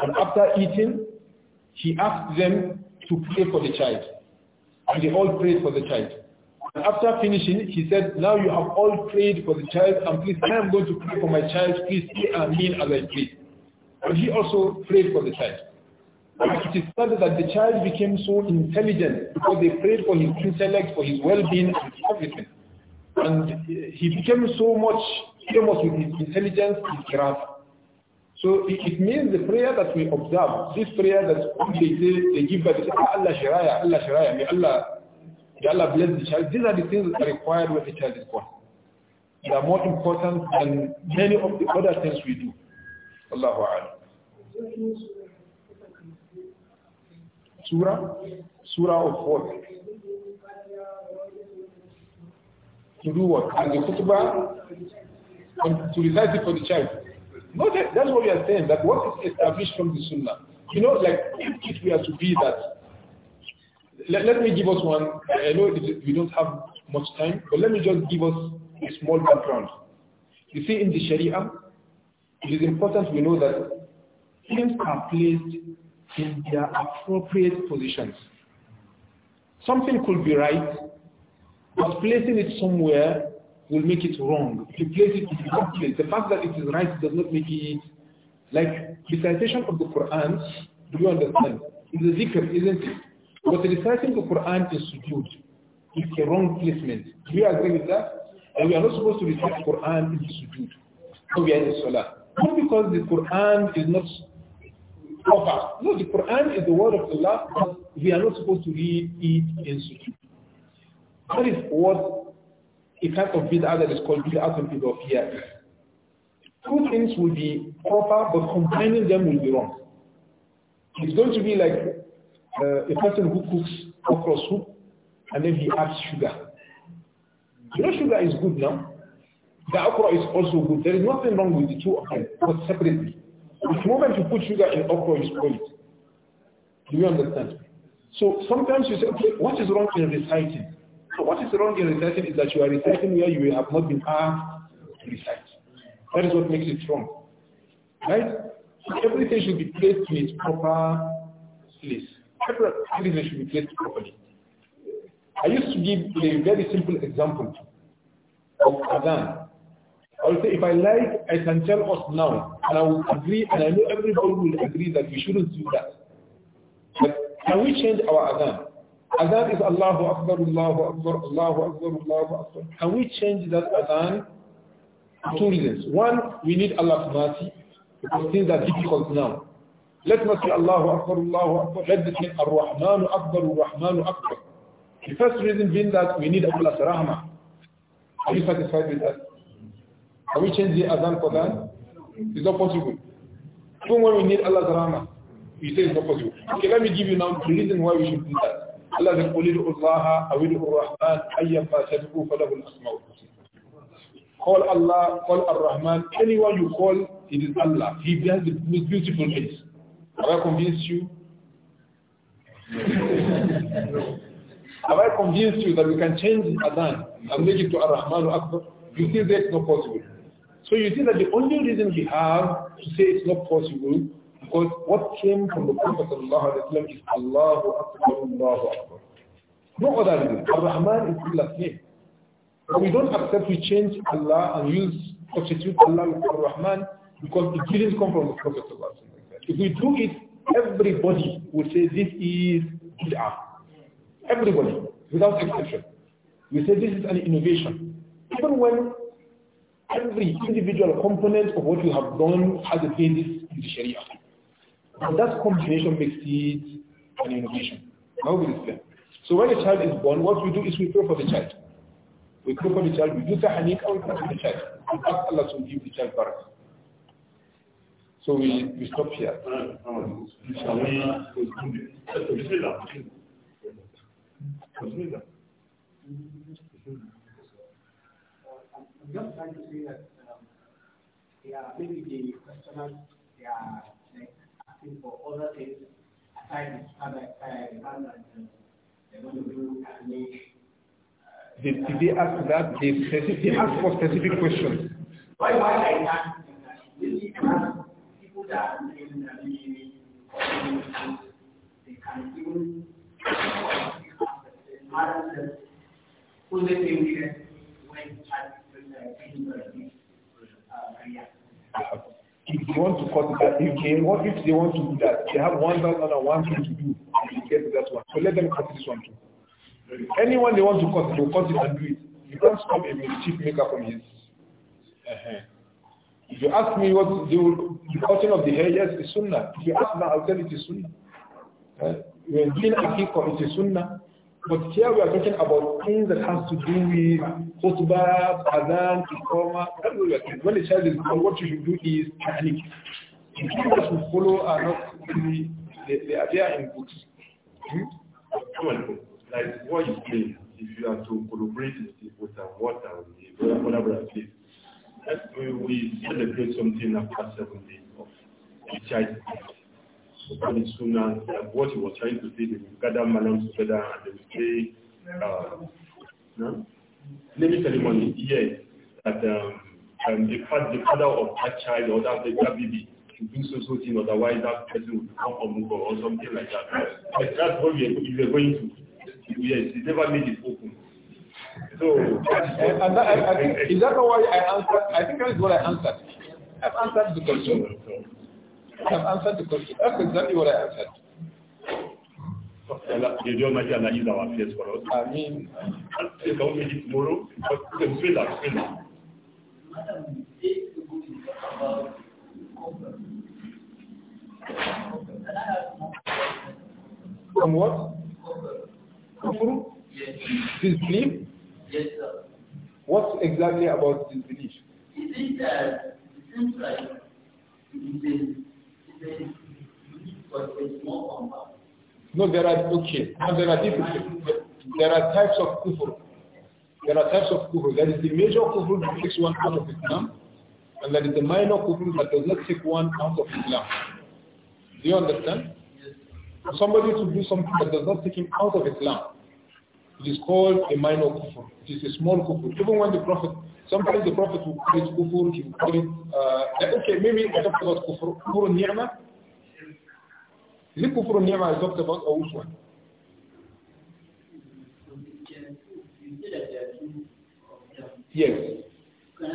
And after eating, he asked them to pray for the child. And they all prayed for the child. And after finishing, he said, now you have all prayed for the child and please, I am going to pray for my child. Please say Amin as I pray. And he also prayed for the child. And it is said that the child became so intelligent because they prayed for his intellect, for his well-being and everything. And he became so much famous with his intelligence, his craft. So it, it, means the prayer that we observe, this prayer that they say, they give by the ah, Allah Shiraya, Allah Shiraya, may Allah, may Allah bless the child. These are the things that are required when the child is born. They are more important than many of the other things we do. Allahu Akbar. Surah? Surah of what? to do what? As a khutbah, and to recite it for the child. No, that, that's what we are saying, that what is established from the sunnah. You know, like, if, we have to be that, let, let me give us one, I know we don't have much time, but let me just give us a small background. You see, in the Sharia, it is important we know that things are placed in their appropriate positions. Something could be right, but placing it somewhere will make it wrong. If you place it in wrong place, the fact that it is right does not make it like recitation of the Quran, do you understand? It's a zikr, isn't it? But the reciting the Quran is sujood. It's a wrong placement. Do you agree with that? And we are not supposed to recite the Quran in sujood. So we are in salah. Not because the Quran is not proper. No, the Quran is the word of Allah, but we are not supposed to read it in sujood. That is what a type of bid'ah that is called bid'ah of yes? Two things will be proper, but combining them will be wrong. It's going to be like uh, a person who cooks okra soup and then he adds sugar. You know sugar is good now. The okra is also good. There is nothing wrong with the two of them, but separately. The moment you put sugar in okra, you spoil it. Do you understand? So sometimes you say, okay, what is wrong in reciting? So what is wrong in reciting is that you are reciting where you have not been asked to recite. That is what makes it wrong. Right? everything should be placed in its proper place. Everything should be placed properly. I used to give a very simple example of Adhan. I would say if I like, I can tell us now, and I will agree, and I know everybody will agree that we shouldn't do that. But can we change our Adhan? Adhan is Allahu Akbar, Allahu Akbar, Allahu Akbar, Allahu Akbar. Can we change that Adhan? Two reasons. One, we need Allah's mercy because things are difficult now. Let us say Allahu Akbar, Allahu Akbar. Let us say Ar-Rahmanu Akbar, Ar-Rahmanu Akbar. The first reason being that we need Allah's rahmah. Are you satisfied with that? Can we change the Adhan for that? It's not possible. Even when we need Allah's rahmah, you say it's not possible. Okay, let me give you now the reason why we should do that. الذي قل ادعوا الله او ادعوا الرحمن ايا ما تدعوا فله الاسماء الحسنى Call Allah, call Ar-Rahman, anyone you call, it is Allah. He has the most beautiful names. Have I convinced you? Have I convinced you that we can change Adan and make it to Ar-Rahman Akbar? You see it's not possible. So you see that the only reason we have to say it's not possible because what came from the Prophet Allah is Allahu Akbar, Allahu Akbar. No other reason. Ar-Rahman is Allah's name. But we don't accept we change Allah and use substitute Allah with Ar-Rahman because it didn't come from the Prophet Allah. If we do it, everybody would say this is bid'ah. Everybody, without exception. We say this is an innovation. Even when every individual component of what you have done has a basis in the Sharia. And that combination makes it an innovation. Now we explain. So when a child is born, what we do is we pray for the child. We pray for the child, we do tahaniq and we pray for the child. We ask Allah to give the child barakah. So we, we stop here. I'm just trying to say that um, yeah, maybe the questioners they are asking for other things aside and they to do uh, Did, did they ask that? They, specific, they asked for specific questions. Why, I really ask people that are in the they can even when the child is doing the if they want to cut that, if they want, if they want to do that, they have one thousand and one thing to do to get to that one. So let them cut this one too. Anyone they want to cut, they'll cut it and do it. You can't stop a mischief maker from his. Uh -huh. If you ask me what the, the cutting of the hair, yes, it's sunnah. If you ask me, I'll tell it is sunnah. Uh, when doing akiko, it is sunnah. But here we are talking about things that has to do with khutbah, adhan, iqama. That's what we are talking. When the child is born, what you should do is panic. The things that should follow are not really, they, they are there in books. Hmm? Like what you say, if you are to collaborate with them, what are we, whatever it is, we, we celebrate something after seven days of the child's from the sunnah that what he was trying to say, they will gather malams together and they will say, uh, no? naming ceremony, yes, that um, um, the, father of that child or that, that baby should do so so thing, otherwise that person would become a or something like that. But that's what we are, we are going to. Yes, he never made it open. So, and, and that, I, I think, is that not why I answered? I think that is what I answered. I've answered the question. I've answered the question. That's exactly what I answered. You don't and our for us. I mean, take out maybe tomorrow, but you can feel that, feel From what? Kufru? Yes. Disbelief? Yes, sir. What exactly about disbelief? Is it that it seems like it is no, there are okay. No, there are different. There are types of kufr. There are types of kufr. There is the major kufr that takes one out of Islam, and there is the minor kufr that does not take one out of Islam. Do you understand? For somebody to do something that does not take him out of Islam, it is called a minor kufr. It is a small kufr. Even when the Prophet, sometimes the Prophet will call it kufr, he will call it, uh, okay, maybe I talk about kufr, kufr ni'mah, is it kufr ni'mah I talked about or which one? Yes. the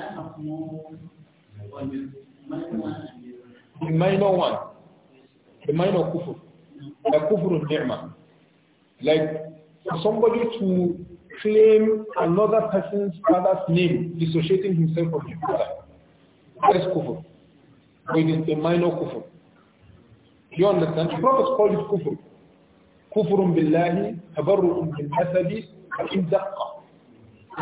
minor one? The minor kufur. The kufur of The Like for somebody to claim another person's father's name, dissociating himself from his father. That is kufur, But it is a minor kufur. You understand? The Prophet called it kufr. Kufrun billahi, tabarru'un bil asadi,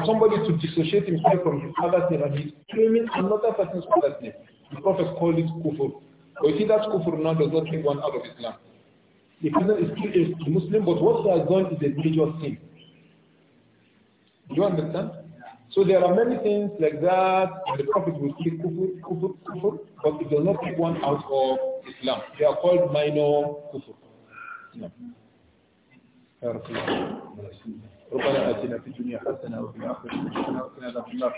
Somebody to dissociate himself from his father's name and claiming another person's father's name. The Prophet called it kufr. But you see that kufr now does not bring one out of Islam. The person is still a Muslim, but what he has done is a major sin. Do you understand? So there are many things like that, and the Prophet will speak kufur, kufur, kufur, but it does not take one out of Islam. They are called minor kufur. No. ربنا آتنا في الدنيا وفي وقنا عذاب النار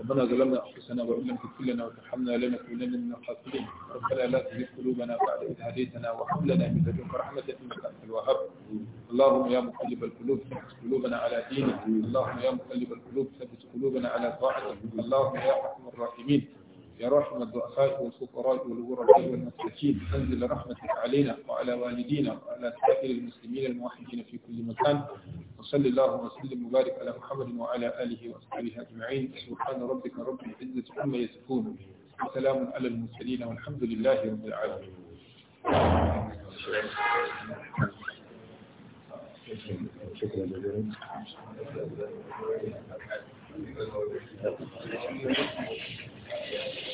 ربنا ظلمنا أنفسنا وإن لم تغفر لنا وترحمنا لنكونن من الخاسرين ربنا لا تزغ قلوبنا بعد إذ هديتنا وهب لنا من لدنك رحمة إنك أنت الوهاب اللهم يا مقلب القلوب ثبت قلوبنا على دينك اللهم يا مقلب القلوب ثبت قلوبنا على طاعتك اللهم يا أرحم الراحمين يا راحم الضعفاء والفقراء والغرباء والمساكين أنزل رحمتك علينا وعلى والدينا وعلى سائر المسلمين الموحدين في كل مكان وصلى الله وسلم وبارك على محمد وعلى آله وأصحابه أجمعين سبحان ربك رب العزة عما يصفون وسلام على المرسلين والحمد لله رب العالمين شكرا جزيلا Thank you.